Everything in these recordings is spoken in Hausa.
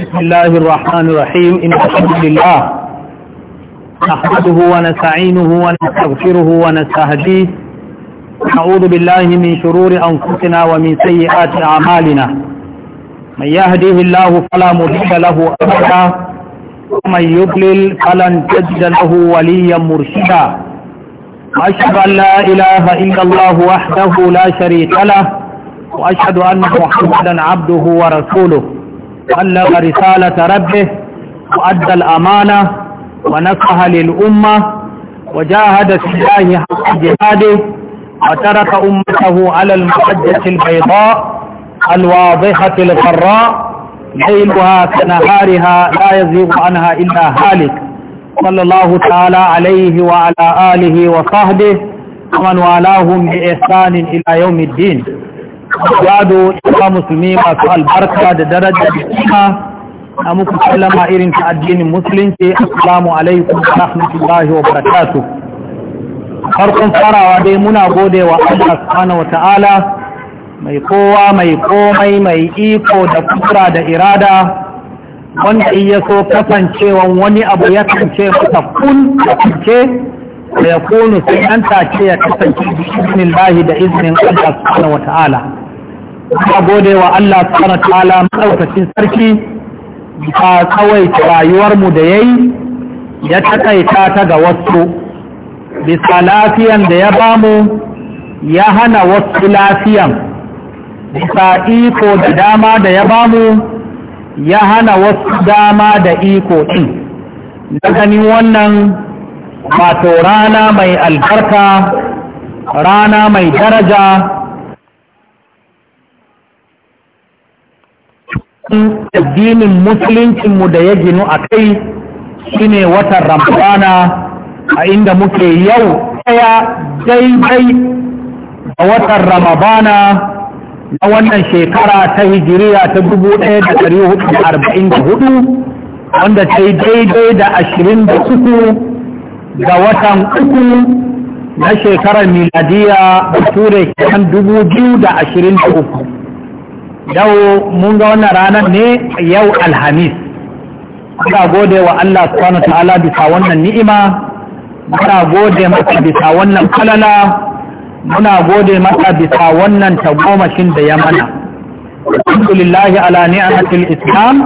بسم الله الرحمن الرحيم إن الحمد لله نحمده ونستعينه ونستغفره ونستهديه نعوذ بالله من شرور أنفسنا ومن سيئات أعمالنا من يهديه الله فلا مضل له أبدا ومن يضلل فلن تجد له وليا مرشدا وأشهد أن لا إله إلا الله وحده لا شريك له وأشهد أن محمدا عبده ورسوله بلغ رسالة ربه وأدى الأمانة ونصح للأمة وجاهد في الله حق جهاده وترك أمته على المحجة البيضاء الواضحة الغراء ليلها كنهارها لا يزيغ عنها إلا هالك صلى الله تعالى عليه وعلى آله وصحبه ومن والاهم بإحسان إلى يوم الدين gado da musulmi masu albarka da darajar da a muku sallama irin ta addinin musulunci assalamu alaikum wa rahmatullahi wa barakatuh farkon farawa dai muna gode wa Allah subhanahu wata'ala mai kowa mai komai mai iko da kura da irada wanda iya so kasancewan wani abu ya kance masa kun da kance fayakunu sai an tace ya kasance bishinin lahi da izinin Allah subhanahu wa ta'ala gode wa Allah subhanahu wa ta'ala maɗaukacin sarki ta tsawaita mu da ya yi ya taƙaita ta ga wasu bisa lafiyan da ya bamu ya hana wasu lafiyan bisa iko da dama da ya bamu ya hana wasu dama da iko ɗin da ganin wannan wato rana mai albarka rana mai daraja addinin musuluncinmu da ya ginu a kai shine watan ramadana a inda muke yau ɗaya daidai a watan ramadana na wannan shekara ta hijiriya ta 1444 wanda ta yi daidai da ashirin da uku ga watan uku na shekarar miladiya ture kan dubu biyu da ashirin da uku yau mun ga wannan ranar ne yau alhamis muna gode wa Allah subhanahu ta'ala bisa wannan ni'ima muna gode masa bisa wannan kalala muna gode masa bisa wannan tagomashin da ya mana alhamdulillahi ala ni'matil islam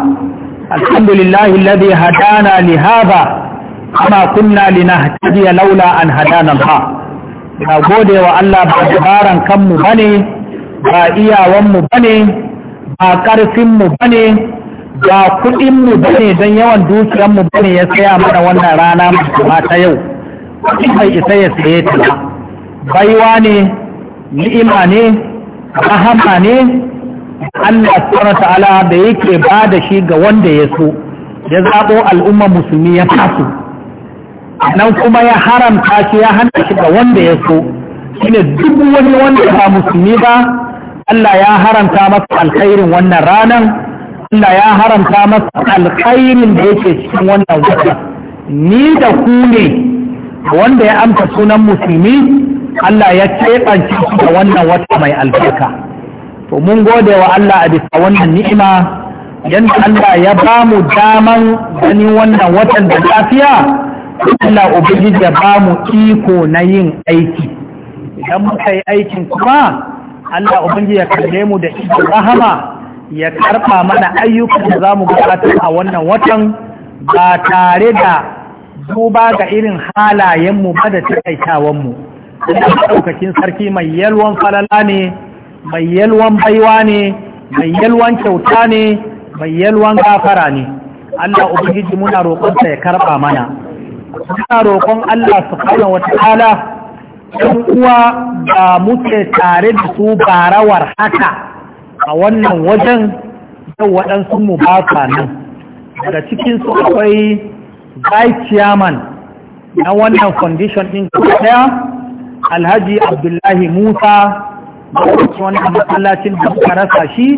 alhamdulillahi alladhi hadana lihaba. kama kunna linahtadiya laula an hadana Allah na gode wa Allah ba dabaran kanmu bane ba iyawanmu bane ba karfinmu bane ba kudinmu bane don yawan dukiyarmu bane ya saya mana wannan rana ma ta yau mai isa ya saye ta ba baiwa ne ni'ima ne rahama ne Allah subhanahu ta'ala da yake ba da shi ga wanda ya so ya zaɓo al'umma musulmi ya tasu nan kuma ya haramta shi ya hana shi ga wanda ya so shine duk wani wanda ba musulmi ba Allah ya haramta masa alkhairin wannan ranan Allah ya haramta masa alkhairin da yake cikin wannan wata ni da ku ne wanda ya amsa sunan musulmi Allah ya keɓance shi da wannan wata mai albarka to mun gode wa Allah a bisa wannan ni'ima yanda Allah ya ba mu daman ganin wannan watan da lafiya Allah ubangiji ya ba mu iko na yin aiki idan muka yi aikin kuma Allah ubangiji ya kalle mu da iko rahama ya karɓa mana ayyukan da zamu gabatar a wannan watan ba tare da duba ga irin halayen mu ba da taƙaitawanmu Allah ɗaukakin sarki mai yalwan falala ne mai yalwan baiwa ne mai yalwan kyauta ne mai yalwan gafara ne Allah ubangiji muna roƙonsa ya karɓa mana suna roƙon Allah wata ta'ala ɗan uwa ba muke tare da su barawar haka a wannan wajen yau waɗansu mu ba nan daga cikin su akwai vice chairman na wannan foundation ɗin ɗaya alhaji abdullahi musa lokacin wani matsalacin da suka rasa shi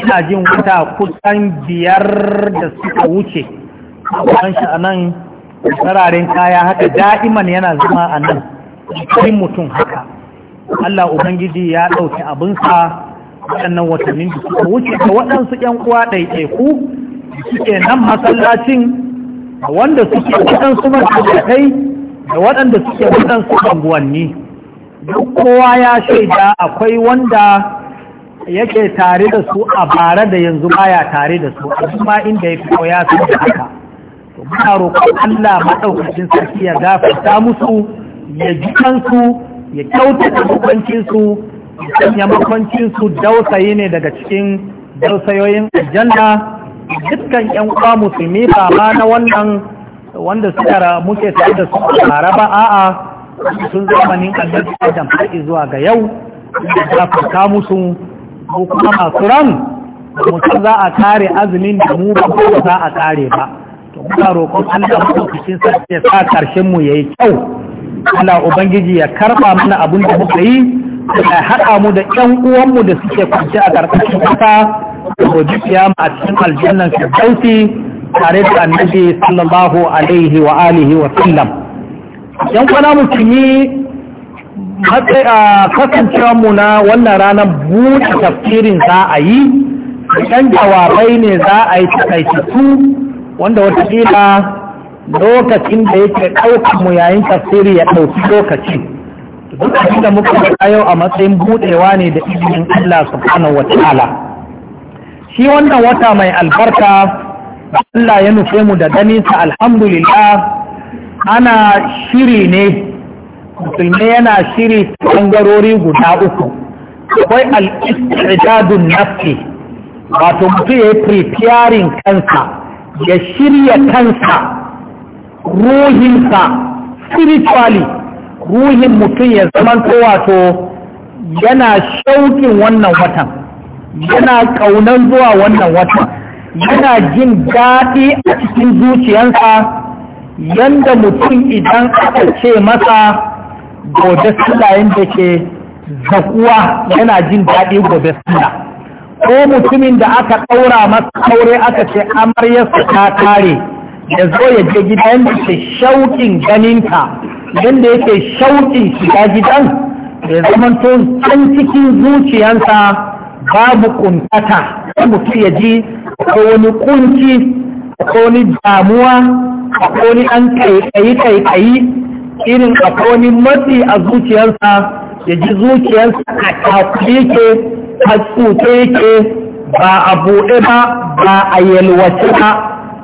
ina jin wata kusan biyar da suka wuce a shi a nan sararin kaya haka da'iman yana zama a nan cikin mutum haka Allah Ubangiji ya ɗauki abinsa waɗannan watannin da suka wuce da waɗansu ‘yan uwa ɗaiɗaiku da suke nan masallacin wanda suke waɗansu masallatai da waɗanda suke waɗansu anguwanni duk kowa ya shaida akwai wanda yake tare da su a bara da yanzu baya tare da su a kuma inda ya fito ya san haka muna roƙon Allah maɗaukacin sarki ya gafarta musu ya ji kansu ya kyautata makwancinsu ya sanya makwancinsu dausayi ne daga cikin dausayoyin aljanna dukkan yan uwa musulmi ba ma na wannan wanda suka muke tare da su a ba a'a sun zamanin annabi Adam har zuwa ga yau da gafarta musu ko kuma masu ran mutum za a kare azumin da mu ba za a kare ba to muna roƙon Allah madaukakin sarki ya sa karshen mu yayi kyau Allah ubangiji ya karba mana abin da muka yi ya haɗa mu da ƴan mu da suke kwance a karkashin ƙasa da gobe ma a cikin aljannan firdausi tare da annabi sallallahu alaihi wa alihi wa sallam yan kwana a kasancewa mu na wannan ranar buɗe tafsirin za a yi ɗan jawabai ne za a yi takaitattu wanda watakila lokacin da yake ɗaukar mu yayin tafsiri ya ɗauki lokaci duk da muka faɗa yau a matsayin buɗewa ne da izinin Allah subhanahu wa ta'ala shi wannan wata mai albarka Allah ya nufe mu da ganinsa alhamdulillah ana shiri ne musulmi yana shiri ɓangarori guda uku akwai al'istijadun nafsi wato mutum ya yi preparing kansa ya shirya kansa ruhinsa spiritually ruhin mutum ya zama wato yana shaukin wannan watan yana ƙaunan zuwa wannan watan yana jin daɗi a cikin zuciyarsa yadda mutum idan aka ce masa gobe sulayen yadda ke zakuwa yana jin daɗi gobe suna ko mutumin da aka ɗaura masa aure aka ce amaryarsa ta kare ya zo ya je gidan da ke shauƙin ganinta yadda yake shauƙin shiga gidan ya zama tun can cikin zuciyansa babu ƙuntata ko mutum ya ji ko wani ƙunci ko wani damuwa ko wani an kaikayi kaikayi irin ko wani matsi a zuciyarsa ya ji zuciyarsa a takuri ke a tsuke yake ba a buɗe ba ba a yalwace ba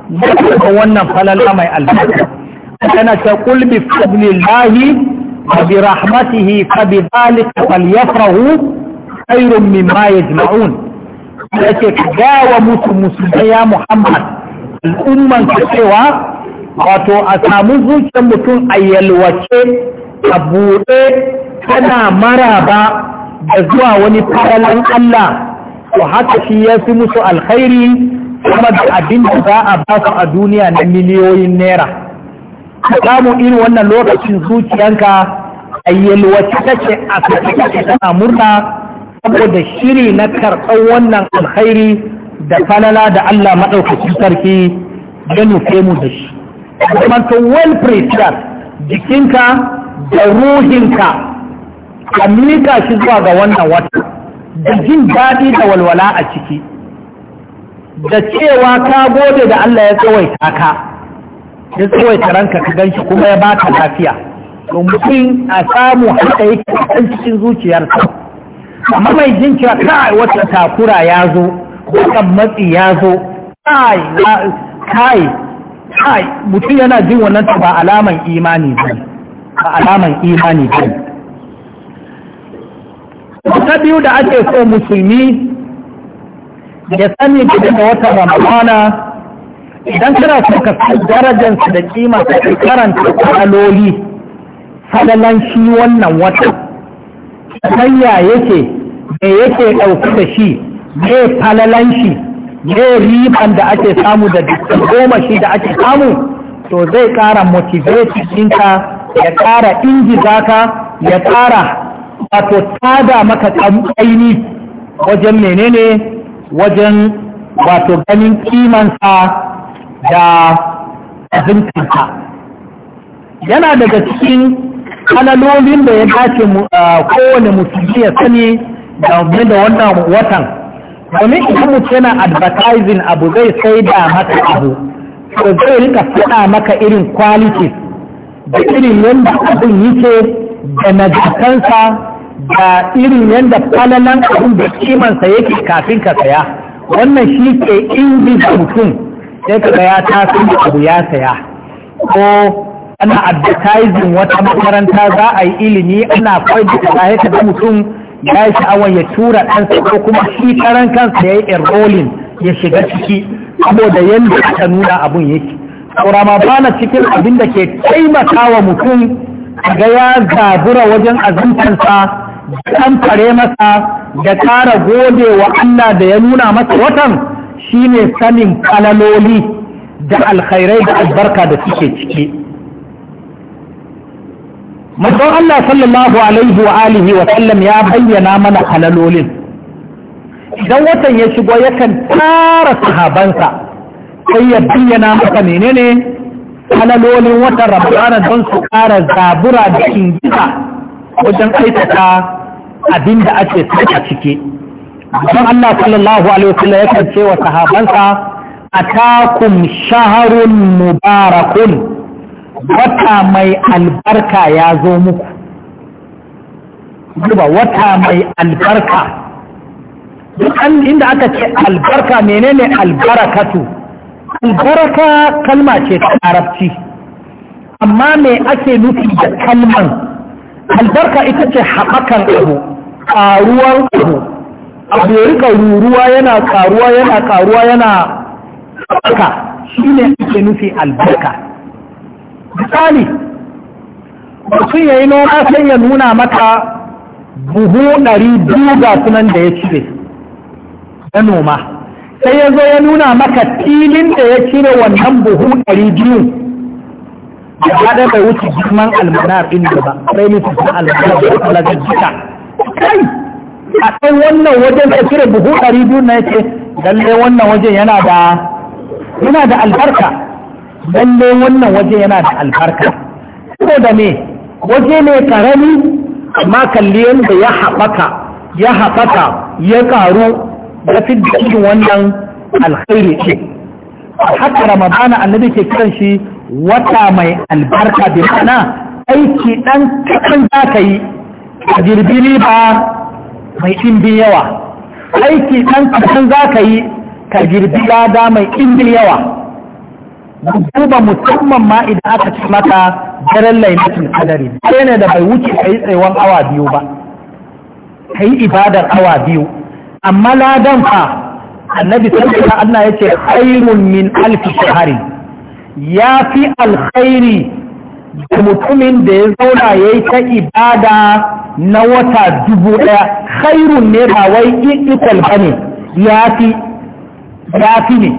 da wannan falala mai albarka Kana ta kulbi fadlillahi wa bi rahmatihi fa bi dhalika falyafrahu khairun mimma yajma'un yace gawa musu musulmai ya Muhammad al'umman ka cewa wato a samu zuciyar mutum a yalwace a buɗe tana maraba da zuwa wani faralan Allah to haka shi ya fi musu alkhairi kuma da abin da za a ba su a duniya na miliyoyin naira samu irin wannan lokacin zuciyanka a yalwace take a kake tana murna saboda shiri na karɓar wannan alkhairi da falala da Allah maɗaukacin sarki ya nufe mu da shi. Kuma to well prepared jikinka da ruhinka a miƙa shi zuwa ga wannan wata da jin daɗi da walwala a ciki da cewa ka gode da Allah ya tsawaita ka ya tsawaita ranka ka ganshi kuma ya baka lafiya domin a samu haka yake ɗan cikin zuciyarsa amma mai jin cewa kai wata takura ya zo wannan matsi ya zo kai kai mutum yana jin wannan ta ba alaman imani ba alaman imani ba ta biyu da ake so musulmi ya sani da wata ramadana idan kana so ka san darajarsa da kima ke karanta kaloli falalan shi wannan watan sanya yake me yake ɗauki da shi me falalan shi me riban da ake samu da dukkan goma shi da ake samu to zai ƙara motivating ɗinka ya ƙara injiza ka ya ƙara wato tada maka aini wajen menene wajen wato ganin kimansa da azinkansa yana daga cikin kanalolin da ya dace kowane musulmi ya sani game da wannan watan domin idan mutum yana advertising abu zai sai da maka abu Ko zai rika faɗa maka irin kwalitis, da irin yadda abin yake da nagartansa da irin yadda falalan abin da kimansa yake kafin ka saya wannan shi ke inganta mutum sai ka ta taso da abu ya saya ko ana advertising wata makaranta za a yi ilimi ana kwaji da sai da mutum ya yi sha'awar ya tura ɗansa ko kuma shi karan kansa ya yi enrolling ya shiga ciki saboda yadda aka nuna abun yake saura ma bana cikin abin da ke taimaka wa mutum ga ya zabura wajen azumtansa kan fare masa da kara gode wa Allah da ya nuna masa watan shine sanin kalaloli da alkhairai da albarka da suke ciki Mazan Allah sallallahu alaihi wa alihi wa sallam ya bayyana mana kalalolin idan watan ya shigo yakan tara sahabansa sai ya bayyana masa menene kalalolin watan ramadana don su kara zabura da ingisa wajen aikata abin da ake a ciki don Allah sallallahu alaihi wasallam ya kance wa sahabansa A takun shaharun mubarakun wata mai albarka ya zo muku duba wata mai albarka dukkan inda aka ce albarka menene albarakatu albarka kalma ce ta arabci amma mai ake nufi da kalman albarka ita ce haɓakan abu ƙaruwar abu abu ya rika ruruwa yana ƙaruwa yana ƙaruwa yana haɓaka shi ne ake nufi albarka misali mutum ya yi noma sai ya nuna maka buhu ɗari biyu ga sunan da ya cire na noma sai ya zo ya nuna maka filin da ya cire wannan buhu ɗari biyu ba da bai wuce girman almanar din da ba sai ne su almanar da Allah ga jika kai a kai wannan wajen da kire buhu biyu na yake lalle wannan wajen yana da yana da albarka lalle wannan wajen yana da albarka da me waje ne karami amma kalliyan da ya haɓaka ya haɓaka ya ƙaru ya fi da irin wannan alkhairi ce haka ramadana annabi ke kiran shi wata mai albarka bi mana aiki ɗan kaɗan za ka yi a girbi riba mai ɗimbin yawa aiki ɗan kaɗan za ka yi ka girbi lada mai ɗimbin yawa duba musamman ma idan aka ci maka daren laimatin kadari sai ne da bai wuce ka yi tsaiwon awa biyu ba ka yi ibadar awa biyu amma ladan fa annabi sallallahu alaihi wasallam ya ce khairun min alfi shahari ya fi alkhairi da mutumin da ya zauna ya yi ta ibada na wata dubu ɗaya khairun ne ba wai ikon ba ne ya fi ne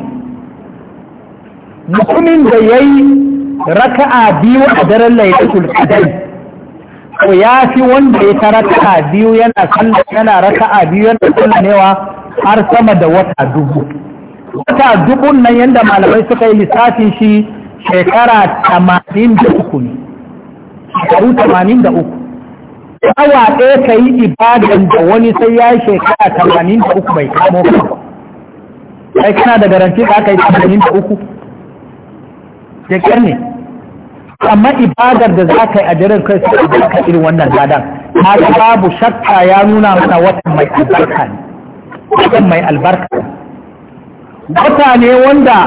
mutumin da ya yi raka'a biyu a daren laifin kadai ko ya fi wanda ya ta raka'a biyu yana sallah yana raka'a biyu yana sallamewa har sama da wata dubu wata dubun nan yadda malamai suka yi lissafin shi shekara tamanin da uku ne shekaru tamanin da uku awa ɗaya ka yi ibadan da wani sai ya yi shekara tamanin da uku bai kamo ka sai kana da garanti da aka yi tamanin da uku shekar ne amma ibadar da za ka yi a jiran kai su da ka irin wannan ladan ta babu shakka ya nuna mana watan mai albarka ne watan mai albarka Watane wanda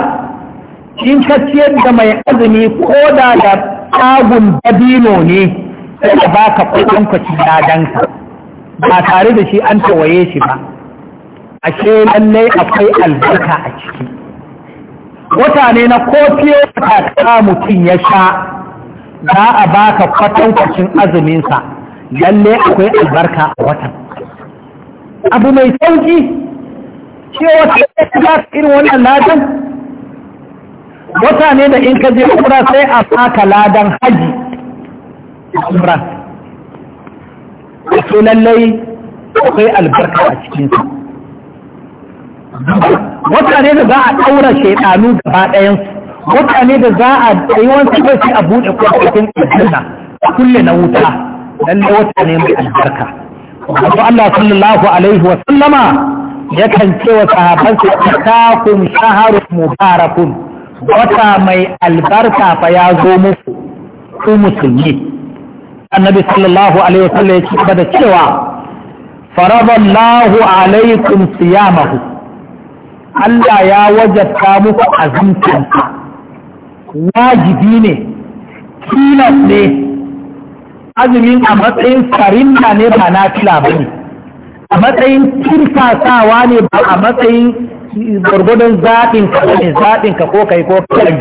in ka ciyar da mai azumi ko da da tagun dabino ne sai da ba ka kudin kwaci dadanka ba tare da shi an tawaye shi ba ashe lallai akwai albarka a ciki wata ne na kofiyo ta mutum ya sha za a ba ka kwatankwacin azuminsa lallai akwai albarka a watan abu mai sauki cewa ta za su irin wannan ladan wata ne da in ka je umra sai a saka ladan haji umra to lallai akwai albarka a cikinsa wata ne da za a ɗaura shaidanu gaba ɗayansu wata ne da za a yi wani sai a buɗe kwakwakwakin aljanna kulle na wuta lallai wata ne mai albarka. Allah sallallahu alaihi Wasallama. yakan ce wa sahabansa atakum shaharun mubarakun wata mai albarka fa ya zo muku ku musulmi annabi sallallahu alaihi wasallam ya ci da cewa faradallahu alaikum siyamahu Allah ya wajabta muku azumtansa wajibi ne tilas ne azumin a matsayin sarinna ne ba na fila bane a matsayin kirkasawa ne ba a matsayin gwargwadon zaɓin ka ne zaɓin ka ko kai ko kai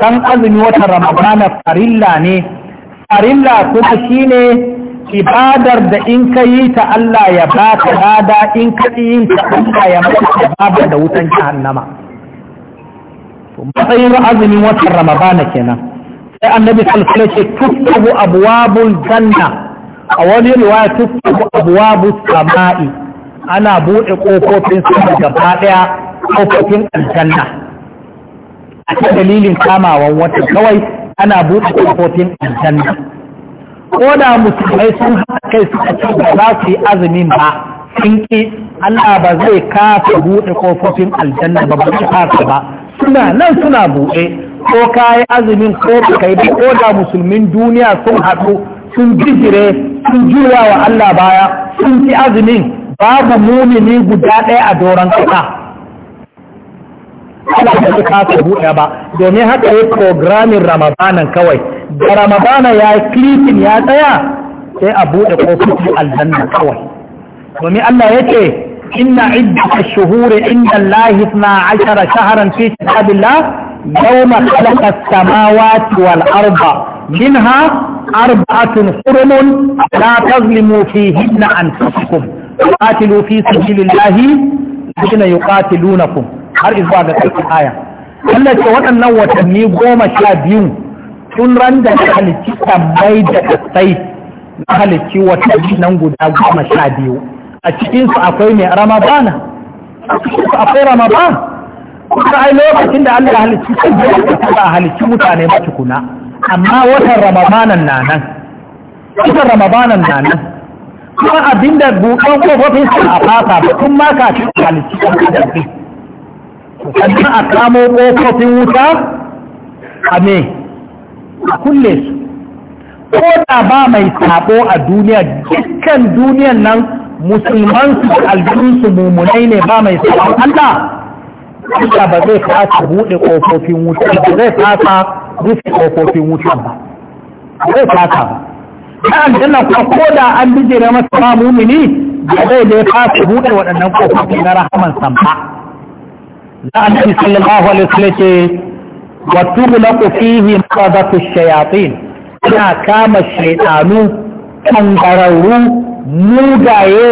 kan azumi watan ramadana farilla ne farilla kuma shine ibadar da in ka yi ta Allah ya ba ka lada in ka yin ta Allah ya maka babar da wutan jahannama matsayin azumin watan ramadana kenan sai annabi sallallahu alaihi wasallam ce tusabu abwabul janna a wani riwaya tuku abuwabu sama'i ana buɗe ƙofofin sama gaba ɗaya ƙofofin aljanna a ta dalilin kamawan wata kawai ana buɗe ƙofofin aljanna ko da musulmai sun haɗa kai suka ce ba za su yi azumin ba sun ƙi Allah ba zai kafa buɗe ƙofofin aljanna ba ba kafa ba suna nan suna buɗe ko ka yi azumin ko ka yi ko da musulmin duniya sun haɗu sun gijire sun juya wa Allah baya sun ci azumin babu mumini guda ɗaya a doron kasa Allah da suka ta buɗe ba domin haka yi programin ramadanan kawai da ramadana ya yi klifin ya tsaya sai a buɗe kofofin aljanna kawai domin Allah ya ce inna iddata shuhuri inda Allah na ashara shaharan fi kitabillah yawma khalaqa as-samawati wal arda minha arba'atun hurumun la tazlimu fihinna anfusakum qatilu fi sabilillahi alladhina yuqatilunakum har izuwa ga ƙarshen aya Allah ce waɗannan watanni goma sha biyu tun ran da halicci tambayi da kasai na halicci watanni nan guda goma sha biyu a cikinsu akwai mai ramadana a cikinsu akwai ramadana Kuma ai lokacin da Allah halicci sun biya da halicci mutane ba tukuna amma watan ramadanan na nan watan ramadanan na nan kuma abinda buɗan kofofin su a fata ba ma kafin halittu a kadarfi sannan a kamo kofofin wuta a me a kulle su ko da ba mai sabo a duniya dukkan duniyan nan musulman su su mummunai ne ba mai sabo Allah Allah ba zai fasa buɗe ƙofofin wuta ba zai fasa rufe ƙofofin wuta ba zai fasa ba ta aljanna kuma ko da an bijire masa ma mumini ba zai da fasa buɗe waɗannan ƙofofi na rahaman san ba da annabi sallallahu alaihi wasallam ce wa tughlaqu fihi maqadatu shayatin ana kama shaytanu kangararru mugaye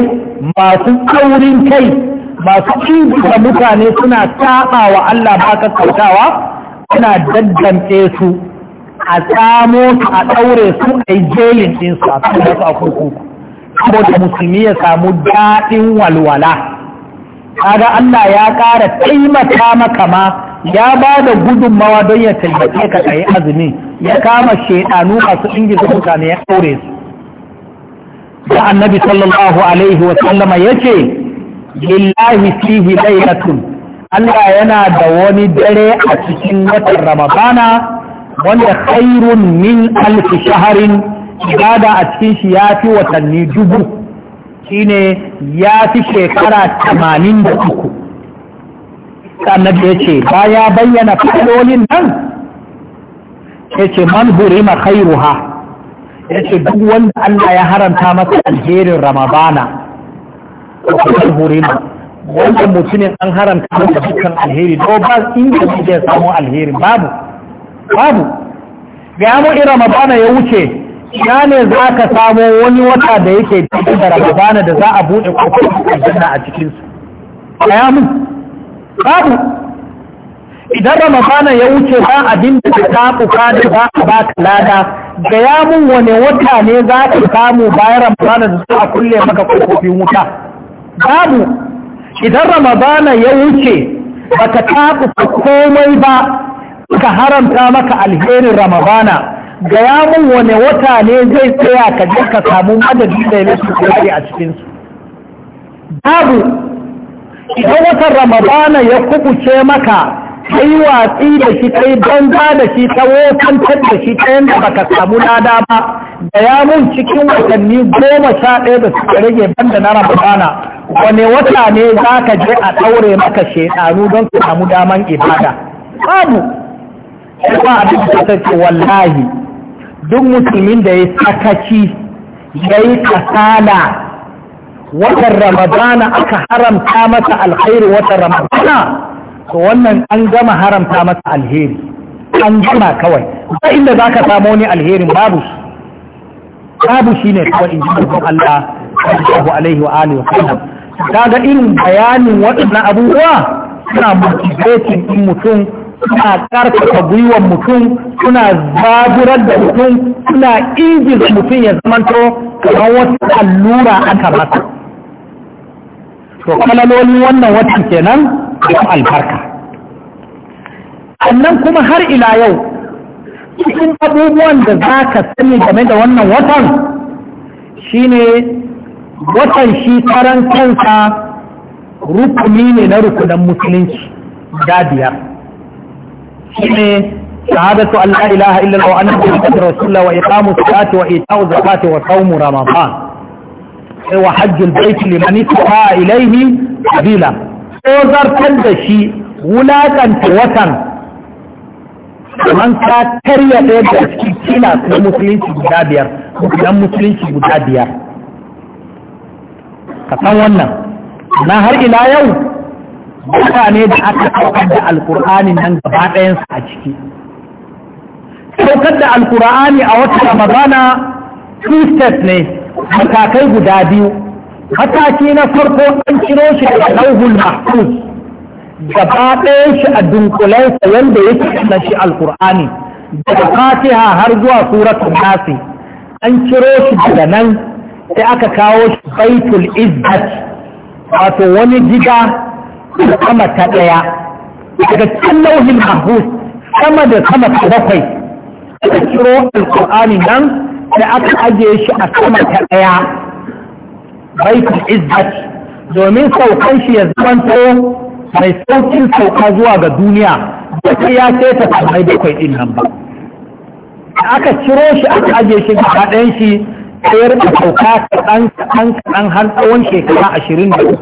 masu kaurin kai masu da mutane suna taɓa wa Allah ba ka kautawa suna daddanke su a tsamo su a ɗaure su a yi jelin ɗinsu a kan wasu a kurkuku saboda musulmi ya samu daɗin walwala kaga Allah ya ƙara taimaka maka ma ya ba da gudunmawa don ya taimake ka tsaye azumi ya kama shaidanu masu ingiza mutane ya ɗaure su da annabi sallallahu alaihi wasallama ya ce lillahi fihi lailatun Allah yana da wani dare a cikin watan Ramadana wanda khairun min alfi shaharin ibada a cikin shi ya fi watanni dubu shine ya fi shekara tamanin da uku annabi ya ce ba ya bayyana fadolin nan ya ce man hurima ha? ya ce duk wanda Allah ya haramta masa alherin Ramadana hurima mutumin an haramta masa dukkan alheri ko ba inda zai samu alheri babu babu ga mu ira mabana ya wuce ya ne za ka samo wani wata da yake cikin da ramadana da za a buɗe kofar aljanna a cikinsu ya mun babu idan ramadana ya wuce ba abin da ka tafi da za a ba ka lada ga ya wane wata ne za ka samu bayan ramadana da su a kulle maka kofofin wuta babu idan ramadana ya wuce baka taɓa komai ba ka haramta maka alherin ramadana gaya mun wane wata ne zai tsaya ka je ka samu madadi da ya su a cikinsu babu idan watan ramadana ya kubuce maka Kai watsi da shi ta yi banza da shi ta wofantar da shi ta yadda baka samu lada ba da ya mun cikin watanni goma sha ɗaya da suka rage banda na ramadana wane wata ne za ka je a ɗaure maka shekaru don ka samu daman ibada babu shi ba duk da ta wallahi duk musulmin da ya sakaci ya yi kasala watan ramadana aka haramta masa alkhairu watan ramadana to wannan an gama haramta masa alheri an gama kawai ta inda za ka samu wani alherin babu babu shi ne kawai in ji Allah sallallahu alaihi wa alihi wa sallam kaga irin bayanin waɗannan abubuwa suna motivating din mutum suna karfafa gwiwar mutum suna zaburar da mutum suna injin mutum ya zamanto kamar wata allura aka masa to kalalolin wannan watan kenan da albarka sannan kuma har ila yau cikin abubuwan da za ka sani game da wannan watan shine watan shi karan kansa rukuni ne na rukunan musulunci guda biyar shine shahadatu Allah ilaha illallah wa annabi Muhammadur rasulullah wa iqamus salati wa ita'uz zakati wa sawmu ramadan wa hajjul bayt liman istata ilayhi sabila tsozartar da shi wulaƙanta watan kamar ka karya ɗaya da cikin kina na musulunci guda biyar na musulunci guda biyar ka san wannan na har ila yau mutane da aka saukar da alkur'ani nan gaba ɗayansu a ciki saukar da alkur'ani a wata ramadana two steps ne matakai guda biyu mataki na farko an ciro shi daga lauhul mahfuz gaba ɗaya shi a dunkulensa yadda yake na shi alkur'ani daga fatiha har zuwa suratul nasi an ciro shi daga nan sai aka kawo shi baitul izzat wato wani gida sama ta ɗaya daga cikin lauhin mahfuz sama da sama ta bakwai aka ciro alkur'ani nan sai aka ajiye shi a sama ta ɗaya baitul izzati domin saukan shi ya zama tsawo mai saukin sauka zuwa ga duniya wata ya ce ta samai bakwai din nan ba aka ciro shi aka aje shi ga ɗayan shi tsayar da sauka kaɗan kaɗan kaɗan har tsawon shekara ashirin da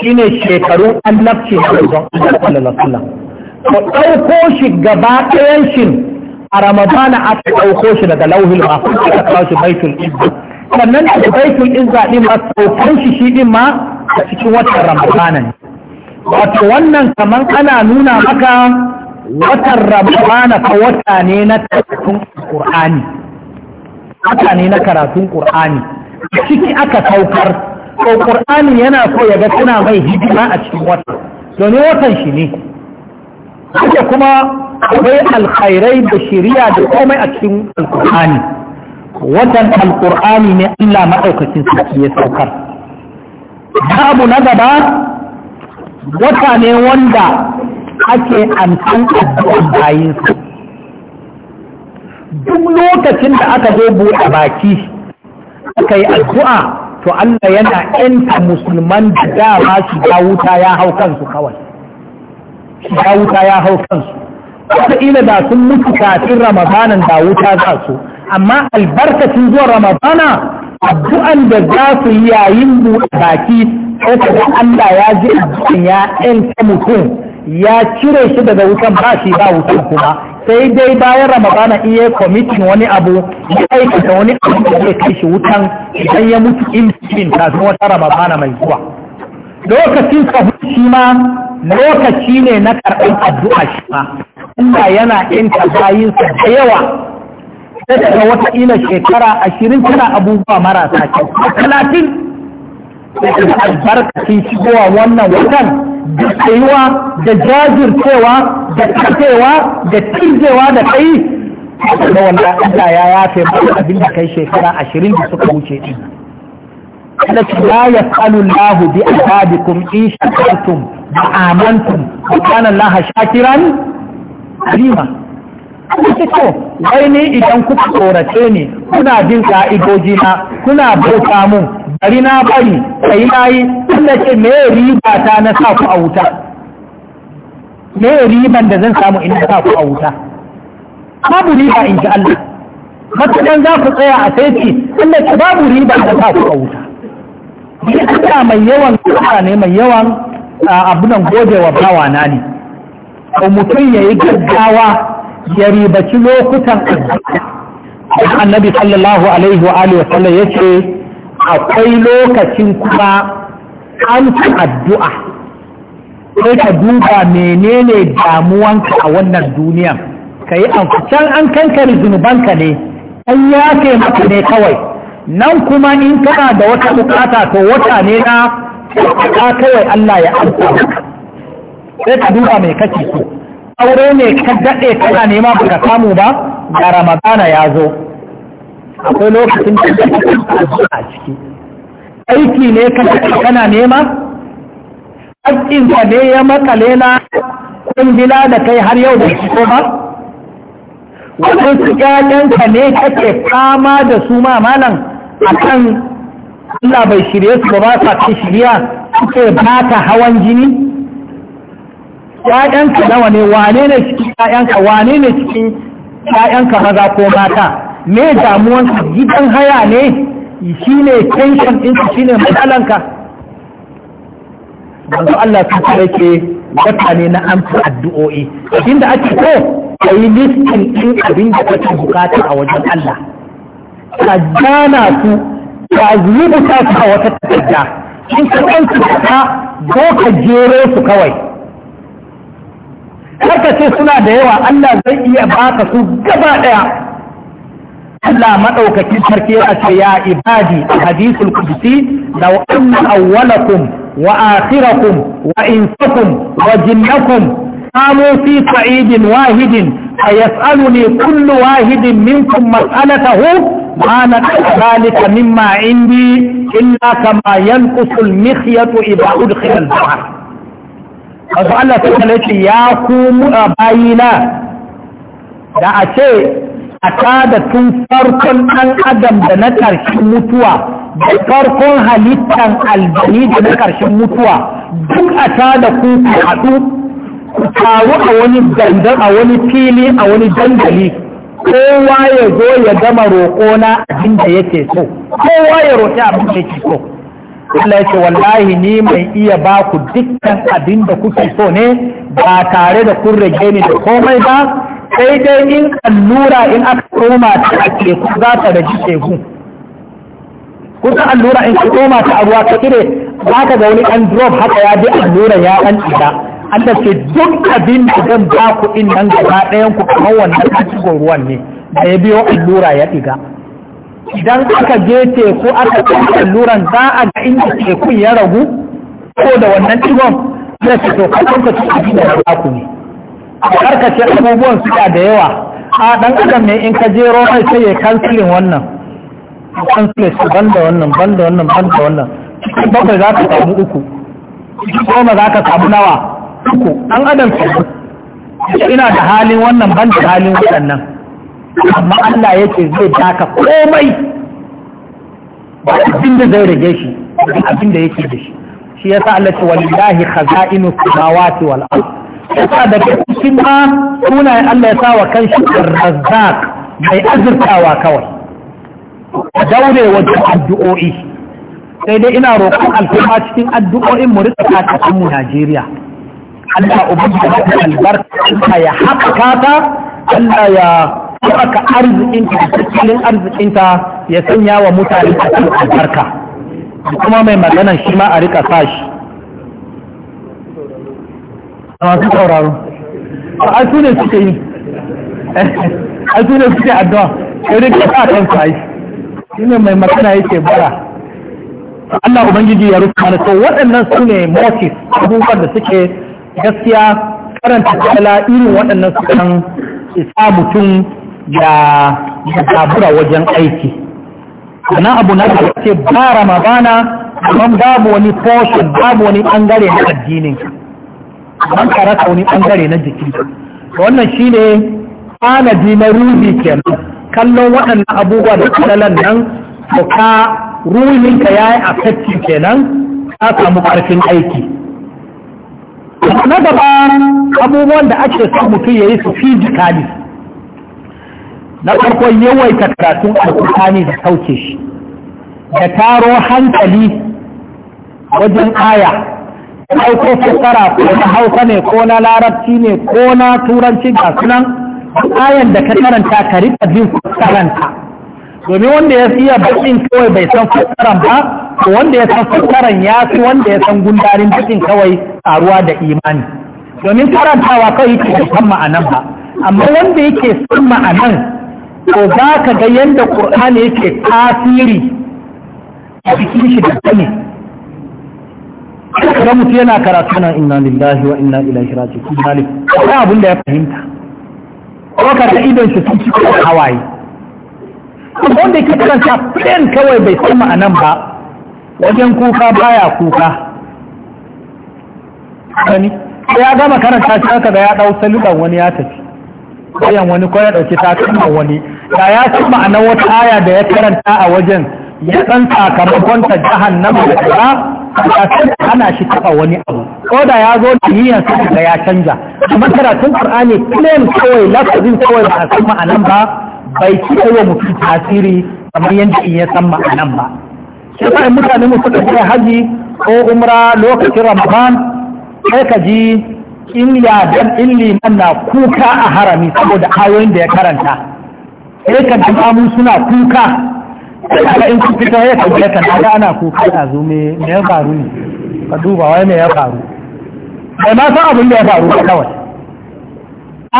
shi ne shekaru annabci na rubon Allah ko ɗauko shi gaba ɗayan shi a ramadana aka ɗauko shi daga lauhin mafi aka kawo shi baitul izzati sannan da baitul izza din ma masu shi shi din ma a cikin watan ramadana ne wato wannan kamar ana nuna maka watan ramadana fa wata ne na karatun qur'ani wata ne na karatun ciki aka saukar ko ƙur'ani yana so ya ga tana mai hidima a cikin wata ne watan shi ne kuma akwai alkhairai da shiriya da komai a cikin alkur'ani watan Alƙur'ani ne Allah maɗaukacin sarki ya saukar abu na gaba wata ne wanda ake amsan addu'an bayinsa duk lokacin da aka zo buɗe baki aka yi addu'a to Allah yana ‘yanta musulman da dama shiga wuta ya hau kansu kawai shiga wuta ya hau kansu ila da sun mutu kafin ramadanan da wuta za su amma albarkacin zuwa ramadana addu'an da za su yi yayin buɗe baki sai ka ga Allah ya ji addu'an ya ta mutum ya cire shi daga wutan ba shi ba wutan kuma sai dai bayan ramadana iya kwamitin wani abu ya aikata wani abu da zai kai shi wutan idan ya mutu cikin kafin wata ramadana mai zuwa lokacin sahur shi ma lokaci ne na karɓar addu'a shi ma Allah yana ɗanta bayinsa da yawa ta daga wataƙila shekara ashirin tana abubuwa marasa kyau talatin da albarkacin shigowa wannan watan da tsayuwa da jajircewa da kafewa da tirjewa da kai da wanda Allah ya yafe mana abin da kai shekara ashirin da suka wuce din kada ki la yasalu Allah bi ibadikum in shakartum wa amantum wa kana Allah shakiran alima to wai ni idan kuka tsorace ni kuna bin ka'idoji na kuna bauta mun bari na bari sai na yi kuna ce me riba ta na sa ku a wuta me riban da zan samu ina sa ku a wuta babu riba in ji Allah matukan za ku tsaya a saiti kuna ce babu riba da sa ku a wuta ni Allah mai yawan kuka ne mai yawan abunan wa bawa na ne ko mutum ya yi gaggawa Yaribaci ribaci lokutan da annabi sallallahu alaihi wa alihi wasallam ya akwai lokacin kuma an addu'a sai ka duba menene damuwanka a wannan duniya ka yi can an kankare zunubanka ne an yafe maka ne kawai nan kuma in kana da wata bukata to wata ne na ka kawai Allah ya amsa sai ka duba mai kake so aure ne ka daɗe kana nema baka samu ba ga ramadana ya zo akwai lokacin da a ciki aiki ne ka daɗe kana nema ka ne ya makale na ƙungila da kai har yau da shi ba su ƴaƴanka ne kake fama da su ma malam a kan Allah bai shirye su ba sa ta shirya suke ba ta hawan jini yayanka nawa ne wane ne cikin yayanka wane ne cikin ‘ya’yanka maza ko mata me damuwanka gidan haya ne shine tension shi shine matsalanka manzo Allah ta ce ke wata ne na amsa addu'o'i inda ake so ka yi listin ɗin abin da kake bukata a wajen Allah ka jana su ka zubuta su a wata takarda in ka ɗauki ka zo ka jero su kawai karka ce suna da yawa Allah zai iya baka su gaba ɗaya Allah maɗaukakin sarki ya ya ibadi hadisu hadisul kudusi da wa'anna awwalakum wa akhirakum wa insakum wa jinnakum samu fi sa'idin wahidin a yas'aluni kullu wahidin minkum mas'alatahu ma na dalika illa kama yanqusul mikhyatu idha udkhila wasu Allah ta ce ya kumu a bayina da a ce a tada tun farkon ɗan adam da na ƙarshen mutuwa da farkon halittar aljani da na ƙarshen mutuwa duk a tada ku haɗu ku taru a wani dandan a wani fili a wani dandali kowa ya zo ya gama roƙona abin da yake so kowa ya roƙi abin da yake so Allah yake wallahi ni mai iya ba ku dukkan abin da kuke so ne ba tare da kun rage ni da komai ba sai dai in allura in aka koma ta a teku za ta rage teku kusa allura in ka koma ta a ruwa ka kire za ka ga wani ɗan drop haka ya bi allura ya ɗan ida Allah ce duk abin da zan ba ku in nan gaba ɗayan ku kamar wannan cikin ruwan ne da ya biyo allura ya ɗiga. idan aka je teku aka ɗauki alluran za a ga inda teku ya ragu ko da wannan ɗigon to fito ka cikin abin da na ku ne a karkace abubuwan suka da yawa a ɗan adam ne in ka je Roma sai ya kansilin wannan kansilin su ban da wannan ban da wannan ban da wannan cikin bakwai za ka samu uku goma za ka samu nawa uku ɗan adam ke ina da halin wannan ban da halin waɗannan amma Allah yake zai taka komai ba abin da zai rage shi abin da yake da shi shi yasa Allah ce walillahi khaza'inu samawati wal ard yasa da cikin ma sunayen Allah ya sa wa kanshi ar-razzaq mai azurtawa kawai daure wajen addu'o'i sai dai ina roƙon al'umma cikin addu'o'in mu rika kakasin mu Najeriya Allah ubangiji albarka ya haƙa ta Allah ya haɓaka arzikinta da tattalin arzikinta ya sanya wa mutane a cikin albarka kuma mai magana shi ma a rika sa shi a masu sauraro a su ne suke yi a su ne suke addu'a sai dai sa kan sa yi. shi ne mai magana yake bara Allah Ubangiji ya rufe mana to waɗannan su ne motif abubuwan da suke gaskiya karanta kala irin waɗannan su kan isa mutum da tabura wajen aiki sannan abu na da ce ba ramadana kamar babu wani portion babu wani bangare na addinin kamar ka wani bangare na jiki wannan shine tanadi na ruhi kenan kallon waɗannan abubuwa da kalalan nan to ka ruhinka ya yi affecting kenan ka samu ƙarfin aiki na gaba abubuwan da ake son mutum ya yi su jikali na farko yawaita karatun alƙur'ani da sauke shi da taro hankali wajen aya ɗauko fassara ko na hausa ne ko na larabci ne ko na turanci ga sunan ayan da ka karanta ka rika jin fassaranta domin wanda ya iya bakin kawai bai san fassaran ba ko wanda ya san fassaran ya fi wanda ya san gundarin bakin kawai karuwa da imani domin karantawa kawai yake san ma'anan ba amma wanda yake san ma'anan to za ka ga yadda ƙur'ani yake tasiri a cikin shi da sani kuma mutu yana karatu nan inna lillahi wa inna ilaihi raji'un malik ko abin da ya fahimta ko ka ta idon shi sun cikin hawaye ko wanda yake karanta plain kawai bai san ma'anan ba wajen kuka baya kuka sani ya gama karanta shi aka ga ya dau salukan wani ya tafi bayan wani ko ya dauki takalman wani da ya san ma'anar wata aya da ya karanta a wajen ya san sakamakon ta jahannama da kaza ya san ana shi taba wani abu ko da ya zo da niyyar sa da ya canja amma karatun qur'ani claim kawai lafazin kawai ba a san ma'anar ba bai ci kawo mutum tasiri kamar yadda in ya san ma'anar ba sai sai mutane mu suka je haji ko umra lokacin ramadan sai ka ji in ya dan illi na kuka a harami saboda ayoyin da ya karanta sai ka jama'a suna kuka kada in kun fito ya kalle ka naga ana kuka a zo me me ya faru ne ka duba wai me ya faru bai ma san abin da ya faru ba kawai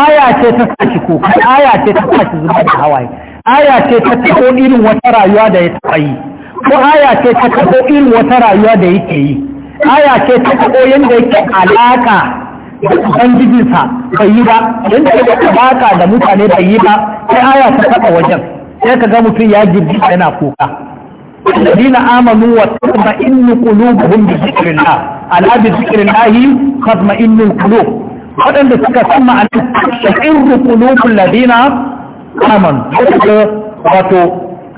aya ce ta saki kuka aya ce ta saki zuba da hawaye aya ce ta tako irin wata rayuwa da ya taɓa yi ko aya ce ta tako irin wata rayuwa da yake yi aya ce ta tako yadda yake alaka ubangijinsa bai yi ba yanda ya baka da mutane bai yi ba sai aya ta saka wajen sai ka ga mutum ya girgi yana kuka الذين آمنوا وتطمئن قلوبهم بذكر الله على بذكر الله تطمئن القلوب waɗanda suka san ma'anin na qulubul ladina amanu wato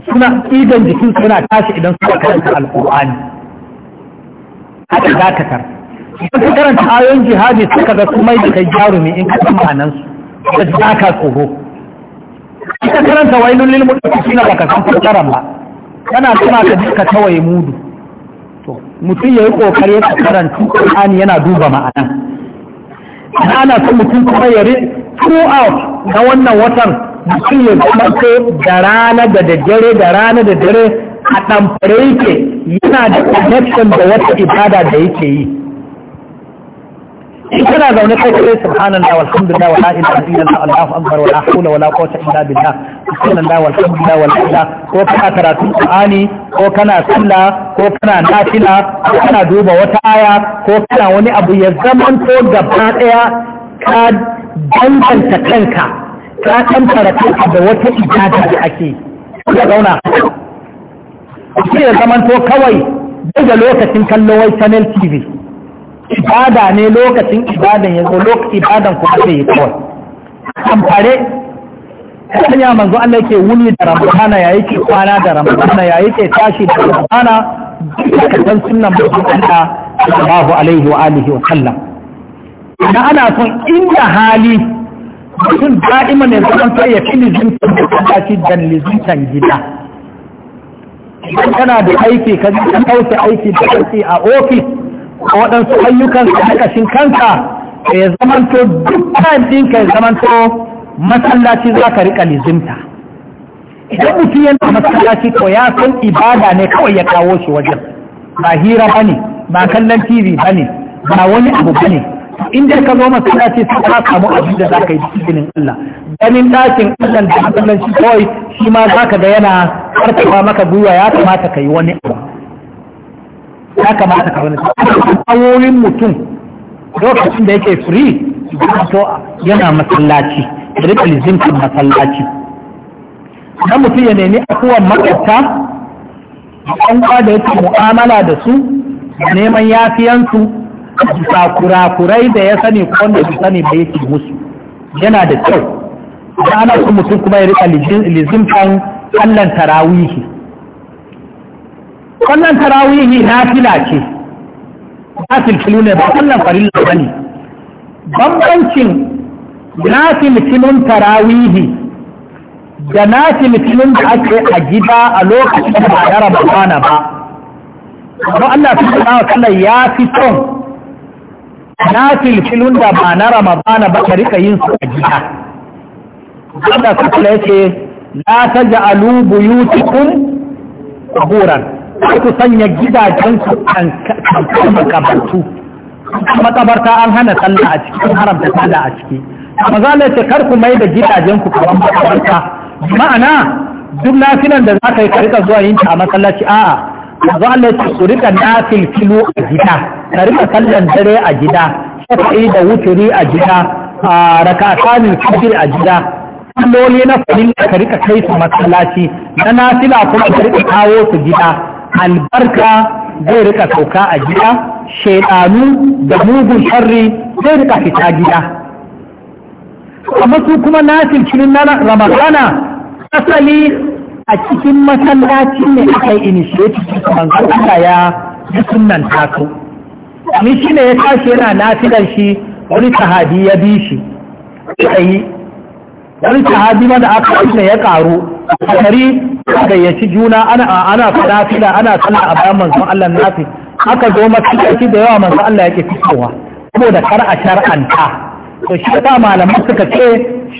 suna jikin suna tashi idan suka karanta alqur'ani haka karanta ayoyin jihadi suka ga kuma da kai jarumi in ka san su da zaka tsoro ita ka karanta wailul lil na baka san fassaran ba kana tana ka duka tawaye mudu to mutum yayi kokari ya karanta Qur'ani yana duba ma'anan ana son mutum kuma ya rin throughout na wannan watan mutum ya kuma zama da rana da daddare da rana da dare a ɗamfare yake yana da connection da wata ibada da yake yi in kana zaune kai kai subhanallah walhamdulillah wala ilaha illallah allahu akbar wala hawla wala quwwata illa billah subhanallah walhamdulillah wala ilaha ko kana karatun qur'ani ko kana sallah ko kana nafila ko kana duba wata aya ko kana wani abu ya zaman to gaba daya ka danganta kanka ka tantara kanka da wata ibada da ake ka zauna shi ya zaman to kawai daga lokacin kallon wai channel tv ibada ne lokacin ibadan ya zo lokacin ibadan kuma sai ya kawai kamfare hanya manzo Allah yake wuni da ramadana ya yake kwana da ramadana ya yake tashi da ramadana duka san sunnan manzo Allah sallallahu alaihi wa alihi wa sallam idan ana son inda hali mutum da'ima ne zaman sai ya fili zuntan da kallaci da lizuntan gida idan kana da aiki ka ɗauke aiki da aiki a ofis a waɗansu ayyukan da ƙashin kanka ya zamanto duk kayan ɗinka ya zamanto masallaci za ka riƙa lizimta idan mutum yana masallaci to ya san ibada ne kawai ya kawo shi wajen ba hira ba ne ba kallon tv ba ne ba wani abu ba ne dai ka zo masallaci sai ka samu abin da za ka yi cikin Allah ganin ɗakin Allah da matsalaci kawai shi ma za ka ga yana karfafa maka gwiwa ya kamata ka yi wani abu ya kamata ka wani awoyin mutum lokacin da yake free to yana masallaci rika lizinkin masallaci na mutum ya nemi akuwan makwabta an da yake mu'amala da su neman yafiyansu bisa kurakurai da ya sani ko wanda su sani ba yake musu yana da kyau da ana su mutum kuma ya rika lizimtan kallon tarawihi wannan tarawihi na fila ce na filfilu ne ba wannan farilla ba ne bambancin na filfilun tarawihi da na filfilun da ake a gida a lokacin da ba yara ba ba ba Allah su kuma kallon ya fi son na filfilun da ba na rama ba ka rika yin su a gida wanda su kula yake na ta ja'alu buyutikum quburan kar ku sanya gidajenku kan makabartu makabarta an hana sallah a ciki an haramta sallah a ciki maza ne ce kar ku mai da gidajenku kamar makabarta ma'ana duk nafilan da za ka yi karika zuwa yin ta a masallaci a'a yanzu Allah ce ku rika nafil kilo a gida ka rika sallan dare a gida shaf'i da wuturi a gida a rakatanin fajr a gida kalloli na fahimta ka rika kai su masallaci na nafila kuma ka rika kawo su gida albarka zai rika sauka a gida shaidanu da mugun sharri zai rika fita gida amma su kuma nasir cikin na ramadana asali a cikin masallaci ne aka yi initiative cikin manzon Allah ya yi sunan taso. ni shi ne ya tashi yana nafilar shi wani tahadi ya bi shi wani sahabi ma da aka yi ya karu kari gayyaci juna ana ana fada fila ana kala a bayan manzon Allah nafi aka zo masallaci da yawa manzon Allah yake fitowa saboda kar a shar'anta to shi ta malaman suka ce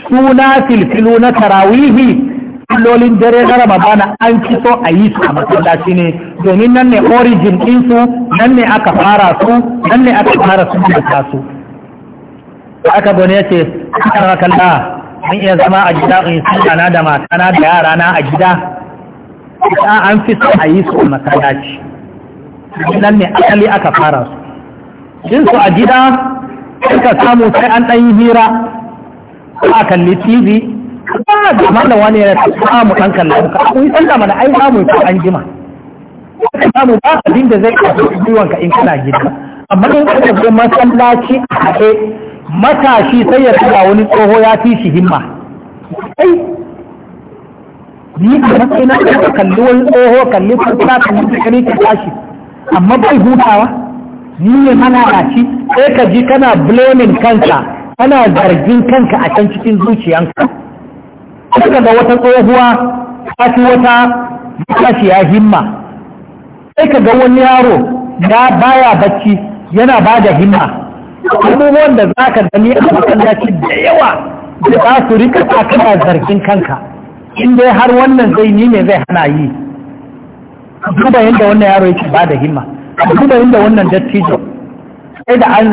suna filfilu na tarawihi kullolin dare na ramadana an ci so a yi su a masallaci ne domin nan ne origin ɗinsu nan ne aka fara su nan ne aka fara su da su aka gone ya ce an iya zama a gida in sallana da matana da yara na a gida ta an fi son a yi su a masallaci nan ne asali aka fara su yin su a gida suka samu sai an ɗan yi hira a kalli tv ba da wani wani yana ah, samu ɗan kallon ka akwai sanda mana ai samu ko an jima ka samu ba abin da zai kasu ka in kana gida amma in ka tafi masallaci a haɗe matashi sai ya taba wani tsoho ya fi shi himma ai ni a matsayina da kalli wani tsoho kalli ka kalli jikani ka tashi amma bai hutawa ni ne mana ci sai ka ji kana blaming kanka kana zargin kanka a can cikin zuciyanka suka ga wata tsohuwa ta ci wata ya himma sai ka ga wani yaro ya baya bacci yana ba da himma abubuwan da za ka dami a masallaci da yawa da za su rika ta kana zargin kanka in dai har wannan zai ni ne zai hana yi duba yadda wannan yaro yake ba da himma duba yadda wannan dattijo sai da an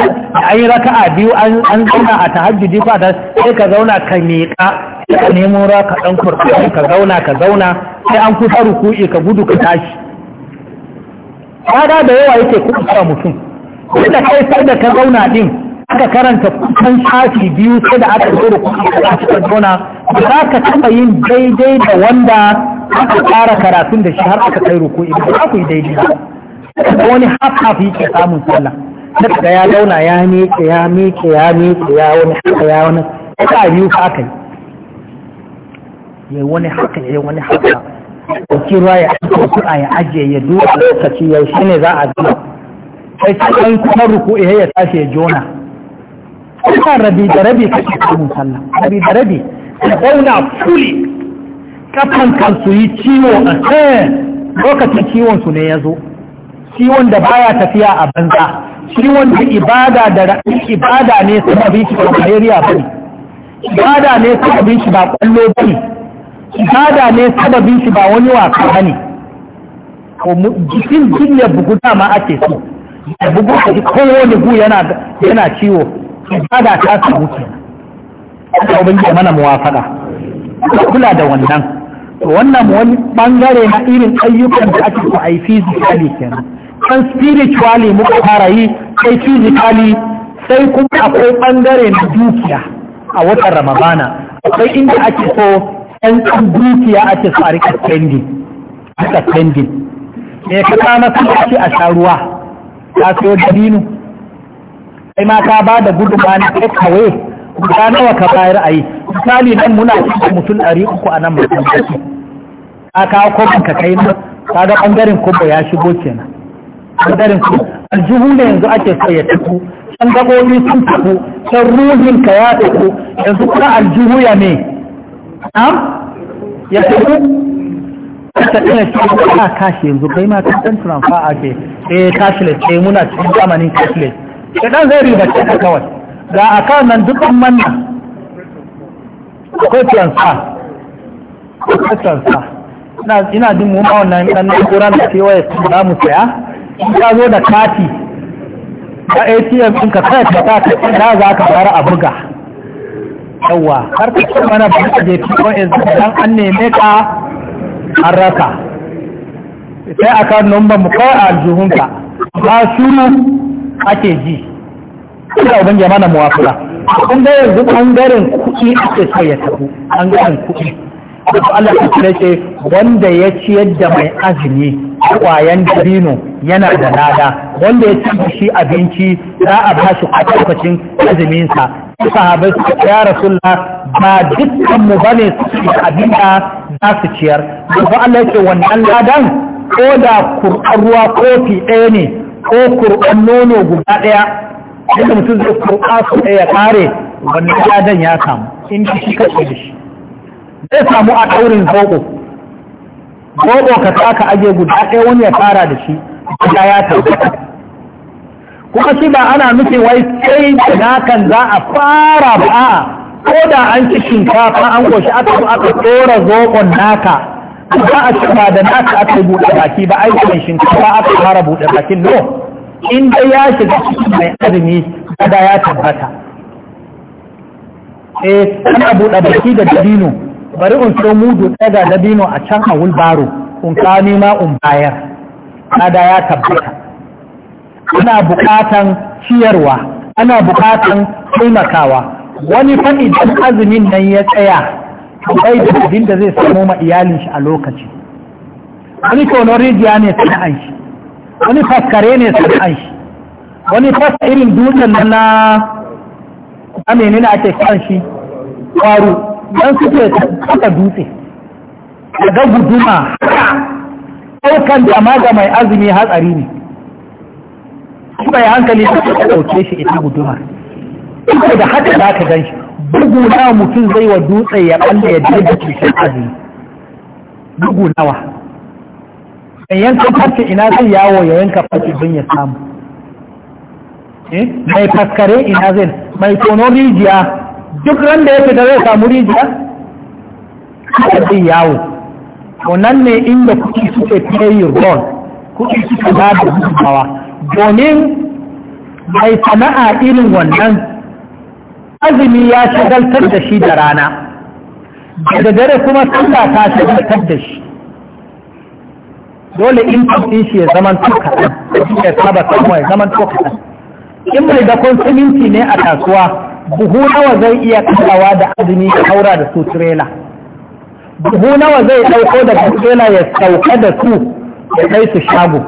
yi raka'a biyu an zauna a tahajjudi fa da sai ka zauna ka miƙa sai ka nemo raka ɗan kurkuku ka zauna ka zauna sai an kusa ruku'i ka gudu ka tashi. Kada da yawa yake kuɗa mutum. da kai sai da ka zauna din aka karanta kusan shafi biyu sai da aka zo da kusan a cikin zauna ba za ka taɓa yin daidai da wanda aka fara karatun da shi har aka kai ruku'i ba za ku yi daidai ba wani haf yake samun sallah daga ya zauna ya miƙe ya miƙe ya miƙe ya wani haka ya wani haka biyu fa aka yi ya wani haka ya wani haka ɗauki ruwa ya ajiye ya ajiye ya duba lokaci yaushe ne za a zuwa sai ta ɗan kuma ruku ihe ya tashi ya jona kuma rabi da rabi ta samun sallah rabi da rabi ka zauna fuli kafan kansu yi ciwo a eh, lokacin ciwon su ne ya zo ciwon da baya tafiya a banza ciwon da ibada da ibada ne sababin shi ba malaria bane ibada ne sababin shi ba kwallo bane ibada ne sababin shi ba wani wasa bane ko jikin jinya bugu dama ake so ya bugu a ji kowane yana ciwo ibada ta samu ke ta ubangiji mana muwafada kula da wannan wannan wani bangare na irin ayyukan da ake ku ai physically kenan kan spiritually muka fara yi sai fizikali sai kuma akwai bangare na dukiya a watan ramadana akwai inda ake so yan dukiya ake so a rika spending aka spending ne ka kama ake a sha ruwa ka sayo dalilu kai ma ka ba da na kai kawai guda nawa ka bayar ayi misali nan muna cikin mutum ɗari uku a nan mutum ɗari ka kawo kofin ka kai nan ka ga ɓangaren kobo ya shigo kenan ɓangaren kobo aljihu ne yanzu ake so ya tafi can gaɓoɓi sun tafi can ruhin ka ya tafi yanzu kuma aljihu ya ne ya tafi ta tana cikin ba kashi yanzu kai ma kan san tunan fa'a ce eh cashless eh muna cikin zamanin cashless sai ɗan zai riba ta kawai ga akan nan dukkan manna akwai transfer akwai transfer ina jin mu ma wannan dan na'urar da ke waya su za mu saya in ka zo da kati a atm din ka kai ta ta da za ka fara a buga yawa har ka ce mana ba ka je pos dan an neme ka an rasa sai a kan numban mu kawai a aljihunka ba shuru ake ji kuma ubin ya na muwafura kun ga yanzu ɓangaren kuɗi ake so ya tafi ɓangaren kuɗi kuma Allah ta kira ce wanda ya ciyar da mai azumi kwayan dabino yana da nada wanda ya ci shi abinci za a ba shi lokacin azuminsa sahabai su ya rasulullah ba dukkan mu bane su abinda za su ciyar ba Allah yake wannan ladan ko da kurɓar ruwa kofi ɗaya ne ko kurɓar nono guda ɗaya yadda mutum zai kurɓa su ɗaya ƙare wannan ladan ya samu in shi kaɗe da shi zai samu a ɗaurin zoɓo zoɓo ka taka aje guda ɗaya wani ya fara da shi guda ya tabbata kuma shi ba ana nufin wai sai da nakan za a fara ba a'a ko da an ci shinkafa an koshi aka zo aka tsora zoɓon naka ba a ci da naka aka buɗe baki ba aiki mai shinkafa aka fara buɗe bakin no in dai ya shiga cikin mai azumi kada ya tabbata eh ana buɗe baki da dabino bari in so mudu ɗaya da dabino a can a wulbaro in kawo nema in bayar kada ya tabbata ana buƙatan ciyarwa ana buƙatan taimakawa wani faɗi don azumin nan ya tsaya bai da abin da zai samu ma iyalin shi a lokaci wani tonon rijiya ne sana'an shi wani faskare ne sana'an shi wani fasa irin dutsen nan na amene na ake kan shi kwaru don suke kasa dutse daga guduma ɗaukan ma ga mai azumi hatsari ne bai hankali suka ɗauke shi ita gudumar duka da haka za ka gan shi bugu na mutum zai wa dutse ya ɓalla ya daji cikin azumi bugu nawa in yankan farce ina zai yawo ya yanka farce don ya samu eh? mai faskare ina zai mai tonon rijiya duk ran da ya fita zai samu rijiya haka zai yawo wannan ne inda kuki suke playing role kuɗi suke ba da gudunmawa domin mai sana'a irin wannan azumi ya shagaltar da shi da rana da dare kuma sallah ta shagaltar da shi dole in kamfin shi ya zaman to kaɗan ya saba samuwa ya zaman to kaɗan in mai dakon siminti ne a kasuwa buhu nawa zai iya kasawa da azumi ya haura da su tirela buhu nawa zai ɗauko da tirela ya sauka da su ya kai su shago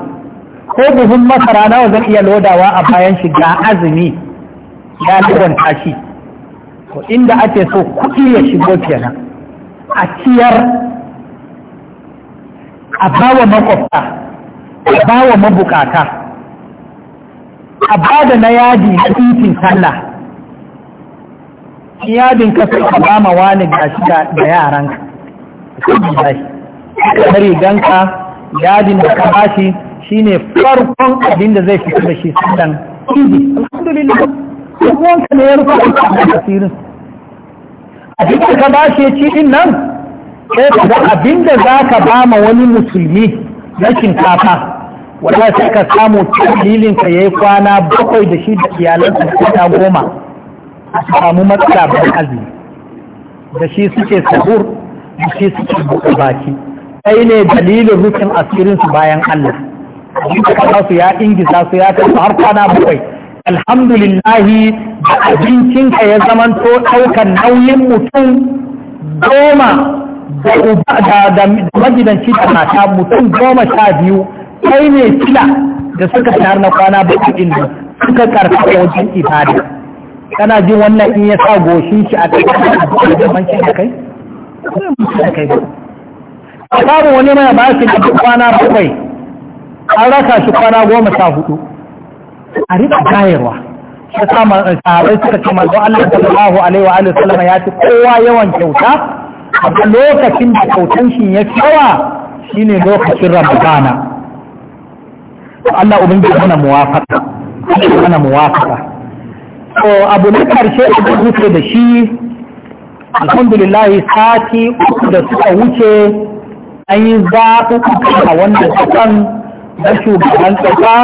ko buhun masara nawa zai iya lodawa a bayan shi ga azumi ya lagwanta shi to inda ake so kuɗi ya shigo kenan a ciyar a bawa makwabta a bawa mabukata a bada na yadi na titin sallah yadin ka sai ka bama wani gashi da yaranka kamar riganka yadin da ka bashi shine farkon abin da zai fito da shi sallan alhamdulillah ruwan ka ne ya rufe a asirin abin ka ba shi ya ci din nan sai ka ga abin da za ka ba ma wani musulmi na shinkafa wanda sai ka samu dalilin ka yayi kwana bakwai da shi da iyalansa kwana goma a samu matsala ba azumi da shi suke sahur da shi suke buɗe baki sai ne dalilin rufin asirinsu bayan Allah abin ka su ya ingiza su ya kai har kwana bakwai alhamdulillahi da abincinka ya to ɗaukar nauyin mutum goma da magidanci da mata mutum goma sha biyu kai ne kila da suka tayar na kwana bakin inda suka karfafa wajen ibada kana jin wannan in ya sa goshin shi a cikin abin da da kai da kai babu wani mai ba shi da kwana bakwai an rasa shi kwana goma sha hudu a riƙa bayarwa ya sa tsarai suka ce manzo Allah sallallahu alaihi wa alihi sallama ya fi kowa yawan kyauta amma lokacin da kyautan shi ya fi yawa shine lokacin Ramadana Allah ubangiji yana muwafaka yana mana to abu na karshe da wuce da shi alhamdulillah sati uku da suka wuce an yi zaɓuɓɓuka a wannan kasan na shugaban tsaka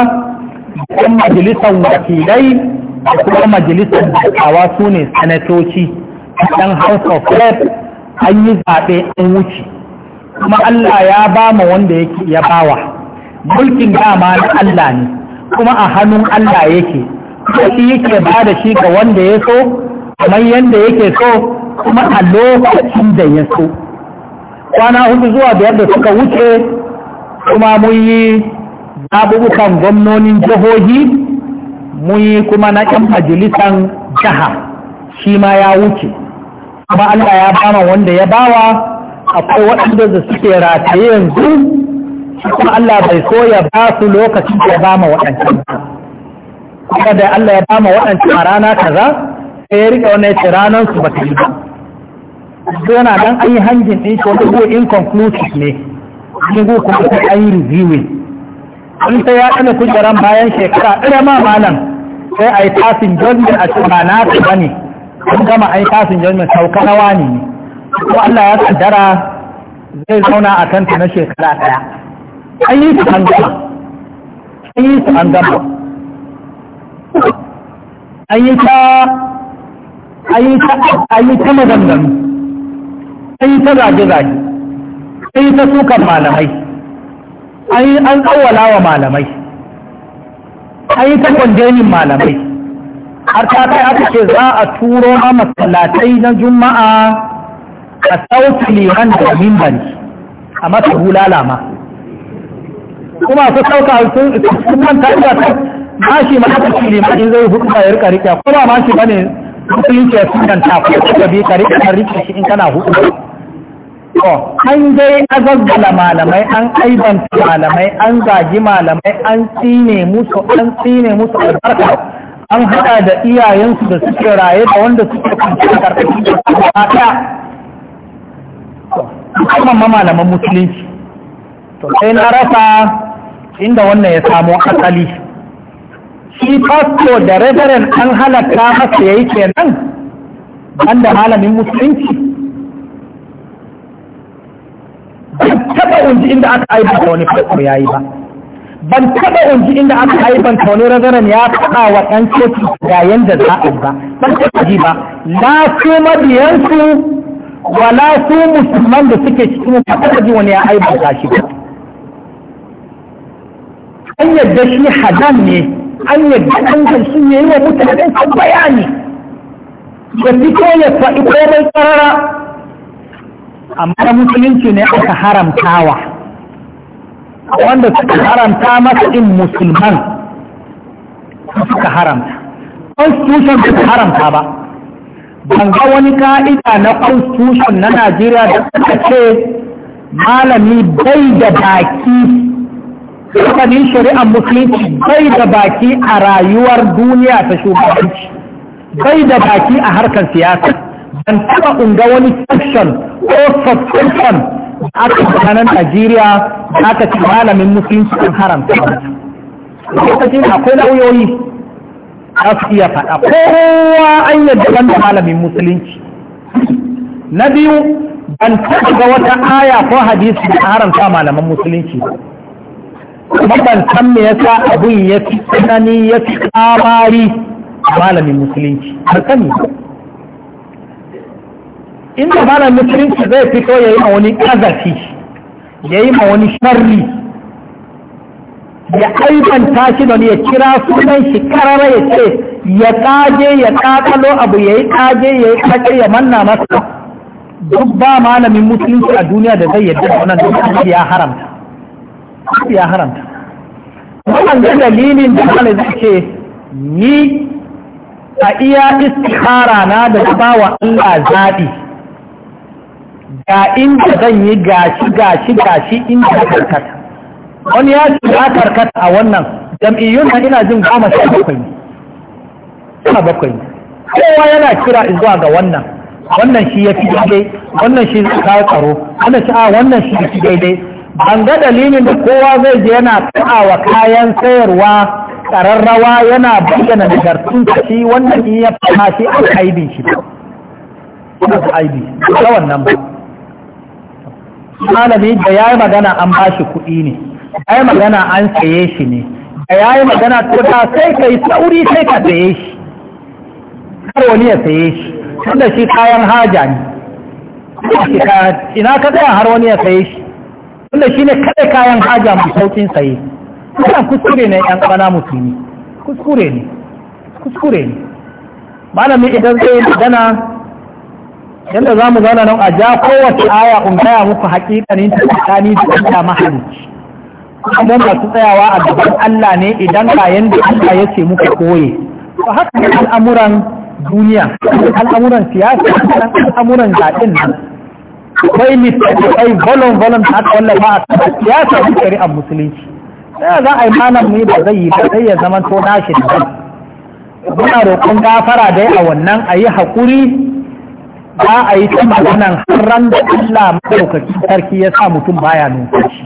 ɗan majalisar wakilai da kuma majalisar dattawa su ne sanatoci ɗan house of rep an yi zaɓe an wuce kuma Allah ya ba ma wanda yake ya bawa mulkin dama na Allah ne kuma a hannun Allah yake kuma shi yake ba da shi ga wanda ya so kamar yadda yake so kuma a lokacin da ya so kwana hudu zuwa biyar da suka wuce kuma mun yi abubukan gwamnonin jihohi muyi kuma na ƴan majalisan jiha shi ma ya wuce kuma Allah ya bama wanda ya bawa akwai waɗanda da suke rataye yanzu kuma Allah bai so ya ba su lokacin da ya bama waɗancan kuma da Allah ya bama waɗancan a rana kaza sai ya rike wannan ce ranar su ba ta yi ba yana dan an yi hangin ɗin shi wani ko inconclusive ne shi kuma an yi reviewing an sai ya ɗana kujeran bayan shekara ɗaya ma malam sai a yi tasin judgment a cikin na ta bane an gama a yi tasin judgment sauka na wani ne ko Allah ya kaddara zai zauna a kanta na shekara ɗaya an yi su an gama an yi su an gama an yi ta an yi ta maganganu an yi ta zage-zage an yi ta sukan malamai ai an tsawala wa malamai ai ta kwandenin malamai har ta kai aka ce za a turo ma masallatai na juma'a a sauti liman da mimbari a ta hulala ma kuma su sauka sun manta ina ta mashi ma aka ce liman in zai hukuma ya rika rike kuma mashi ba ne musulunci ya sun danta ko ta bi ka rika shi in kana hukuma To, an dai azazzala malamai, an aibanta malamai, an zagi malamai, an tsine musu, an tsine musu albarka, an haɗa da iyayensu da suke raye da wanda suke kwanci da karkashin da suke an Musamman ma malaman musulunci. To, sai na rasa inda wannan ya samo asali. Shi fasto da reverend an halatta masa yayi kenan, banda malamin musulunci. ban taba unji inda aka ta wani fasar ya yi ba ban taba unji inda aka ta wani razaran ya faɗa wa ɗan coci ga yanda za a ba ban taba ji ba la su mabiyansu wa la su musulman da suke cikin ba taba ji wani ya ta shi ba an yadda shi hadan ne an yadda an shi ne yi wa mutanen bayani ya fito ya faɗi komai tsarara amma musulunci ne aka haramtawa wanda suka haramta masa in musulman suka haramta constitution suka haramta ba ban ga wani ka'ida na constitution na najeriya da suka ce malami bai da baki tsakanin shari'ar musulunci bai da baki a rayuwar duniya ta shugabanci bai da baki a harkar siyasa ban taɓa unga wani section ko subsection aka tsakanin Najeriya da aka ci malamin musulunci an haramta ba. Lokacin akwai lauyoyi za su iya faɗa kowa an yadda ban da malamin musulunci. Na biyu ban taɓa ga wata aya ko hadisi da haramta malaman musulunci kuma ban san me yasa abun ya fi tsanani ya fi kamari malamin musulunci. Har sani In inda malam musulunci zai fito ya yi ma wani ƙazafi ya yi ma wani sharri ya aibanta shi don ya kira sunan shi karara ya ce ya ƙage ya ƙaƙalo abu ya yi ƙage ya yi ƙaƙe ya manna masa duk ba malamin musulunci a duniya da zai yadda wannan duk ya haramta ya haramta wannan da dalilin da ala zai ce ni a iya istihara na da ba wa Allah zaɓi ga inda zan yi gashi gashi gashi inda karkata wani ya ce ya karkata a wannan jam'iyyun nan ina jin goma sha bakwai ne sha bakwai ne kowa yana kira zuwa ga wannan wannan shi ya fi daidai wannan shi zai kawo tsaro wannan shi a wannan shi ya fi daidai ban ga dalilin da kowa zai je yana wa kayan sayarwa ƙararrawa, yana bayyana nagartun shi wannan in ya fama shi a aibin shi ba ba su aibi ba wannan ba malami da ya yi magana an ba shi kuɗi ne ya yi magana an saye shi ne da ya yi magana to da sai ka yi sauri sai ka saye shi kar wani ya saye shi da shi kayan haja ne ina ka tsaya har wani ya saye shi da shi ne kaɗai kayan haja mai saukin saye wannan kuskure ne yan ƙana musulmi kuskure ne kuskure ne malami idan zai magana yadda za mu zauna nan a ja kowace aya in gaya muku hakikanin ta tsakani da Allah mahalicci kuma masu tsayawa a gaban Allah ne idan ka yanda Allah ya ce muku koye to haka ne al'amuran duniya al'amuran siyasa al'amuran zaɓen nan akwai littafi volon volon da aka wallafa a kan siyasa da shari'ar musulunci sai za a yi malam ne ba zai yi ba zai ya zama to nashi da muna roƙon gafara dai a wannan a yi haƙuri za a yi ta maganan ran da Allah maɗaukaki sarki ya sa mutum baya numfashi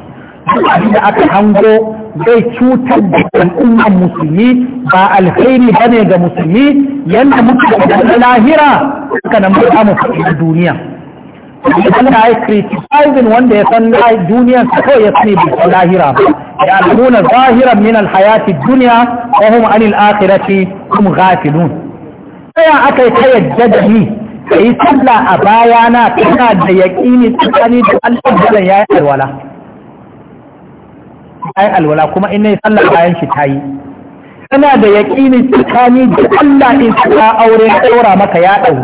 duk da aka hango zai cutar da al'ummar musulmi ba alheri ba ne ga musulmi yadda muka da lahira suka nan ba mu faɗi duniya Allah ya wanda ya san duniyar sa kawai ya sani bisa lahira ya nuna zahiran min alhayati duniya wa hum anil akhirati nun. Ta sai aka yi ta yadda da ni ka yi sallah a baya na tana da yaƙini tsakani da Allah da ya yi alwala ya alwala kuma in na yi bayan shi ta yi tana da yaƙini tsakani da Allah in suka aure ya maka ya ɗau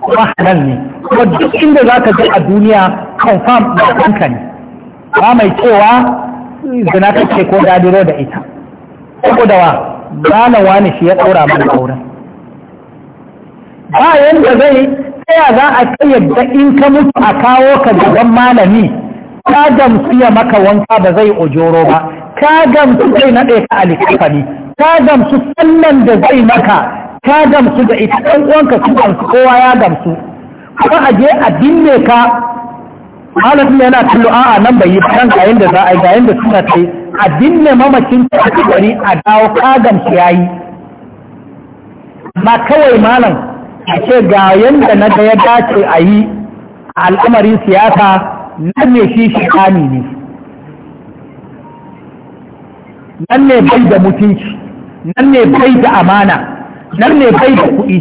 kuma halal ne kuma duk inda za ka je a duniya confirm da kanka ne ba mai cewa zina kake ko dadiro da ita saboda wa ganawa wani shi ya ɗaura mana auren ba yadda zai tsaya za a da in ka mutu a kawo ka gaban malami ka gamsu ya maka wanka da zai ojoro ba ka gamsu zai naɗe ka a likafani ka gamsu sannan da zai maka ka gamsu da ita ɗan uwanka su gamsu kowa ya gamsu kuma a je a binne ka malamin yana kallo a'a nan bai yi ba ga yanda za a yi ga yanda suna ta yi a binne mamakin ta a gari a dawo ka gamsu ya yi ma kawai malam a ce ga yadda na ga ya dace a yi a al'amarin siyasa nan ne shi shekani ne nan ne bai da mutunci nan ne bai da amana nan ne bai da kuɗi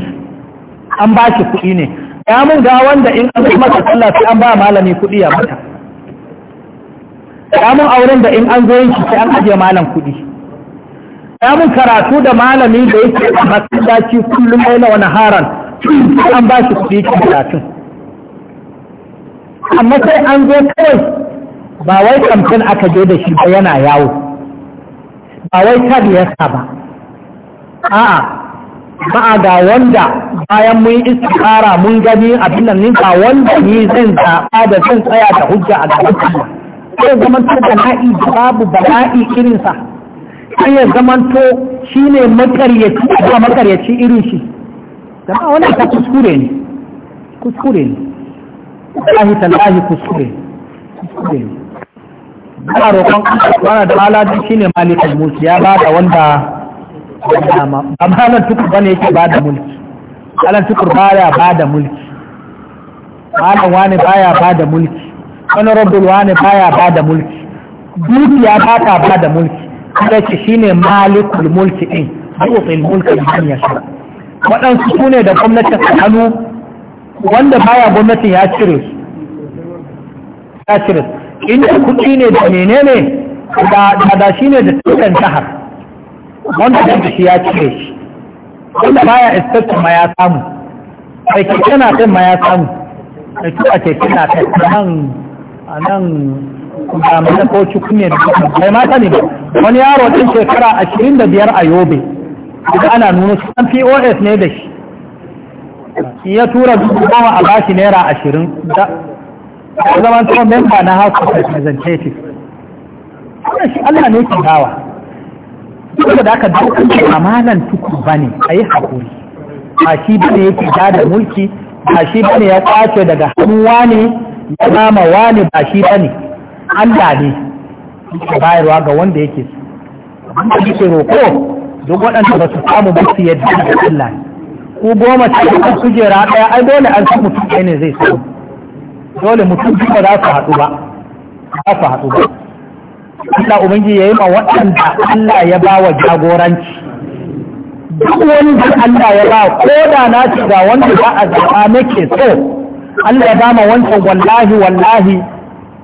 an ba shi kuɗi ne ya mun ga wanda in an kuma ka sai an ba malami kuɗi ya mata ya mun auren da in an zo shi sai an ajiye malam kuɗi ya mun karatu da malami da yake a masallaci kullum yana wani haran an ba shi kuɗi karatun amma sai an zo kawai ba wai kamfin aka je da shi ba yana yawo ba wai tab ya ba a'a ba a ga wanda bayan mun istikara mun gani abin nan ni ba wanda ni zan zaɓa da zan tsaya da hujja a gaban Allah sai zaman ta bala'i babu bala'i irinsa an zaman zamanto shi ne makaryaci ba makaryaci irin shi zama wani ta kuskure ne kuskure ne tallahi tallahi kuskure kuskure ne ba roƙon wani da aladi shi ne malikan mulki ya ba da wanda ba malar tukur ba ne yake ba da mulki alan tukur ba ya ba da mulki malar wani ba ya ba da mulki wani rabbul wani ba ya ba da mulki dukiya ba ta ba da mulki kada ce shi ne malikul mulki ɗin din mulki da hanyar shara waɗansu su ne da gwamnati ta hannu wanda baya gwamnati ya cire su ya cire su inda kuɗi ne da menene da da shi ne da tukan jihar wanda da shi ya cire shi wanda baya iskata ma ya samu sai ke kana kai ma ya samu da tuka ke kana kai nan a nan da mai ko cikin ne da mata ne ba wani yaro ɗin shekara ashirin da biyar a yobe da ana nuna shi an pos ne da shi ya tura dubu goma a bashi naira ashirin da zaman tsohon memba na house of representatives wannan shi allah ne ke dawa duk da aka dukkan amalan tuku ba ne a yi haƙuri ba shi ba ne yake da mulki ba shi ba ne ya kwace daga hannuwa ne ya mama wa ne ba shi ba ne an dade yake bayarwa ga wanda yake so wanda yake roƙo duk waɗanda ba su samu ba su yadda da Allah ko goma ce kan kujera ɗaya ai dole an san mutum ɗaya ne zai samu dole mutum ba za su haɗu ba za su haɗu ba Allah ubangi ya yi ma waɗanda Allah ya ba wa jagoranci duk wanda Allah ya ba ko da na ci ga wanda za a zaɓa nake so Allah ya ba ma wancan wallahi wallahi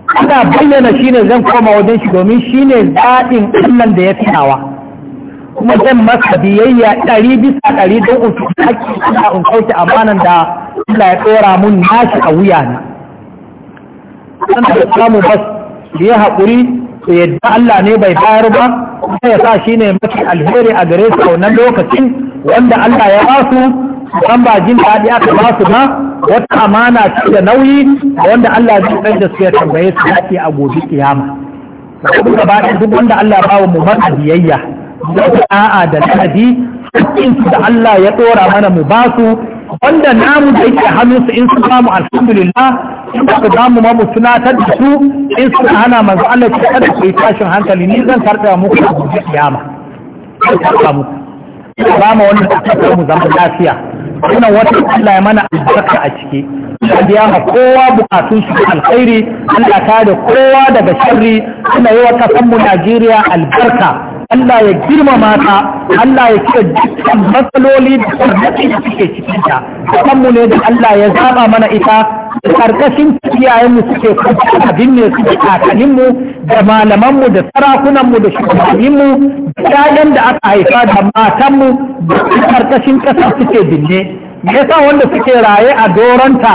ana bayyana shi ne zan koma wajen shi domin shi ne zaɗin ƙannan da ya fi nawa kuma zan masa biyayya ɗari bisa ɗari don in fi haƙƙi ina in kauce amanan da Allah ya ɗora mun nashi a wuya na sannan da samu bas da ya haƙuri to yadda Allah ne bai bayar ba kuma ya sa shi ne mafi alheri a gare su a wannan lokacin wanda Allah ya ba su ba jin daɗi aka ba su ba wata amana ce da nauyi wanda Allah zai dan da ya tambaye su yake a gobe kiyama saboda gaba da duk wanda Allah ya bawa mu mata biyayya da a'a da ladabi hakkin su da Allah ya dora mana mu ba su wanda namu da yake hannun su in su ba mu alhamdulillah in ba su mu ma mu tunatar da su in su hana manzo Allah ya kada su tashin hankali ni zan karta muku a gobe kiyama ba mu wannan mu zama lafiya wannan wata Allah ya mana albarka a ciki a biya ma kowa bukatun shi alkhairi Allah ta da kowa daga sharri suna yi wa kasan mu Najeriya albarka Allah ya girmama ta Allah ya kira dukkan matsaloli da gwamnati da suke cikin ta kasan mu ne da Allah ya zaba mana ita karkashin mu suke kuma abin ne suke mu da malamanmu da sarakunanmu da shugabanninmu da ƴaƴan da aka haifa da matanmu da karkashin ƙasa suke binne me yasa wanda suke raye a doronta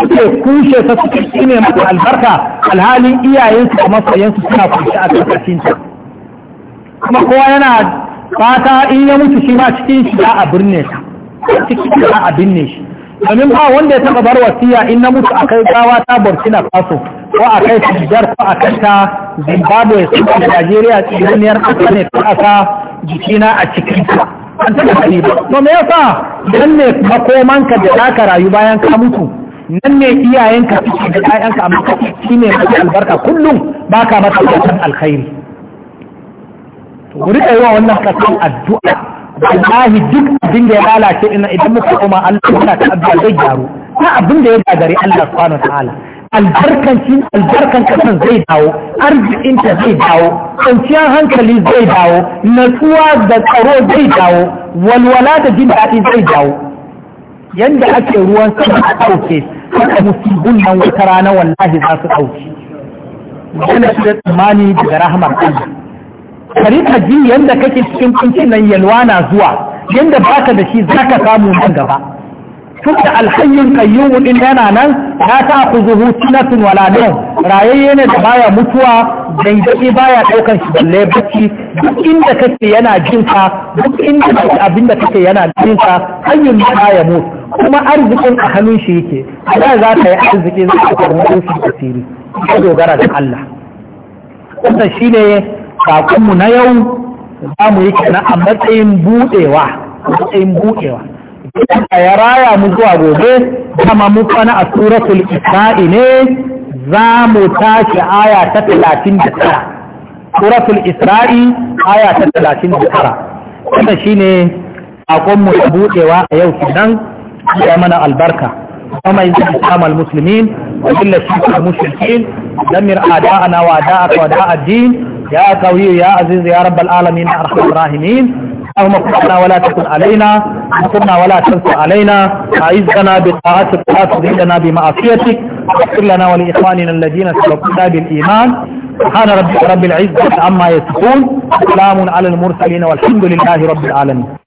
suke kushe ta suke shine mata albarka alhalin iyayensu da su suna kunshi a karkashin ta kuma kowa yana fata in ya mutu shi ma cikin shi a birne shi cikin shi a binne shi domin ba wanda ya taba bar wasiya in na mutu akai gawa ta burkina faso ko akai sijar ko akai ta zimbabwe su da najeriya tsiriniyar ƙasa ne ta asa jikina a cikin an taba ba to me yasa nan ne makomanka da zaka rayu bayan ka mutu nan ne iyayenka suke da ƴaƴanka amma shi ne mai albarka kullum baka mata fatan alkhairi to ku riƙa yi wa wannan kasan addu'a wallahi duk abin da ya lalace ina idan muka koma Allah yana ta abin zai gyaru ta abin da ya gagari Allah subhanahu ta'ala albarkancin albarkan kasan zai dawo arzikin ta zai dawo kwanciyar hankali zai dawo natsuwa da tsaro zai dawo walwala da jin daɗi zai dawo yanda ake ruwan sama a ɗauke haka musibin nan wata rana wallahi za su ɗauki yana shi da tsammani daga rahamar Allah ka ji yadda kake cikin kunci nan yalwa na zuwa yadda baka da shi zaka samu nan gaba tunda alhayyun qayyumun din yana nan la ta'khuzuhu sinatun wala nawm rayayye ne da baya mutuwa daidai baya ɗaukar shi balle bacci duk inda kake yana jin ka duk inda kake abinda kake yana jin ka hayyun la ya mutu kuma arzikin a hannun shi yake a za ka yi arziki za ta samu shi asiri ka dogara da Allah wannan shine sakonmu na yau za mu yi kenan a matsayin buɗewa matsayin buɗewa a ya raya mu zuwa gobe kama mu kwana a suratul isra'i ne za mu tashi aya ta talatin da suratul isra'i aya ta talatin da tara wanda shi ne sakonmu ta buɗewa a yau kinan ya mana albarka وما يزيد إسلام المسلمين وإلا الشرك المشركين دمر أعداءنا وأعداءك وأعداء الدين يا قوي يا عزيز يا رب العالمين يا ارحم الراحمين اللهم اغفرنا ولا تكن علينا اغفرنا ولا تنصر علينا اعزنا بطاعتك لا تضلنا بمعصيتك اغفر لنا ولاخواننا الذين سبقونا بالايمان سبحان ربك رب العزه عما يصفون سلام على المرسلين والحمد لله رب العالمين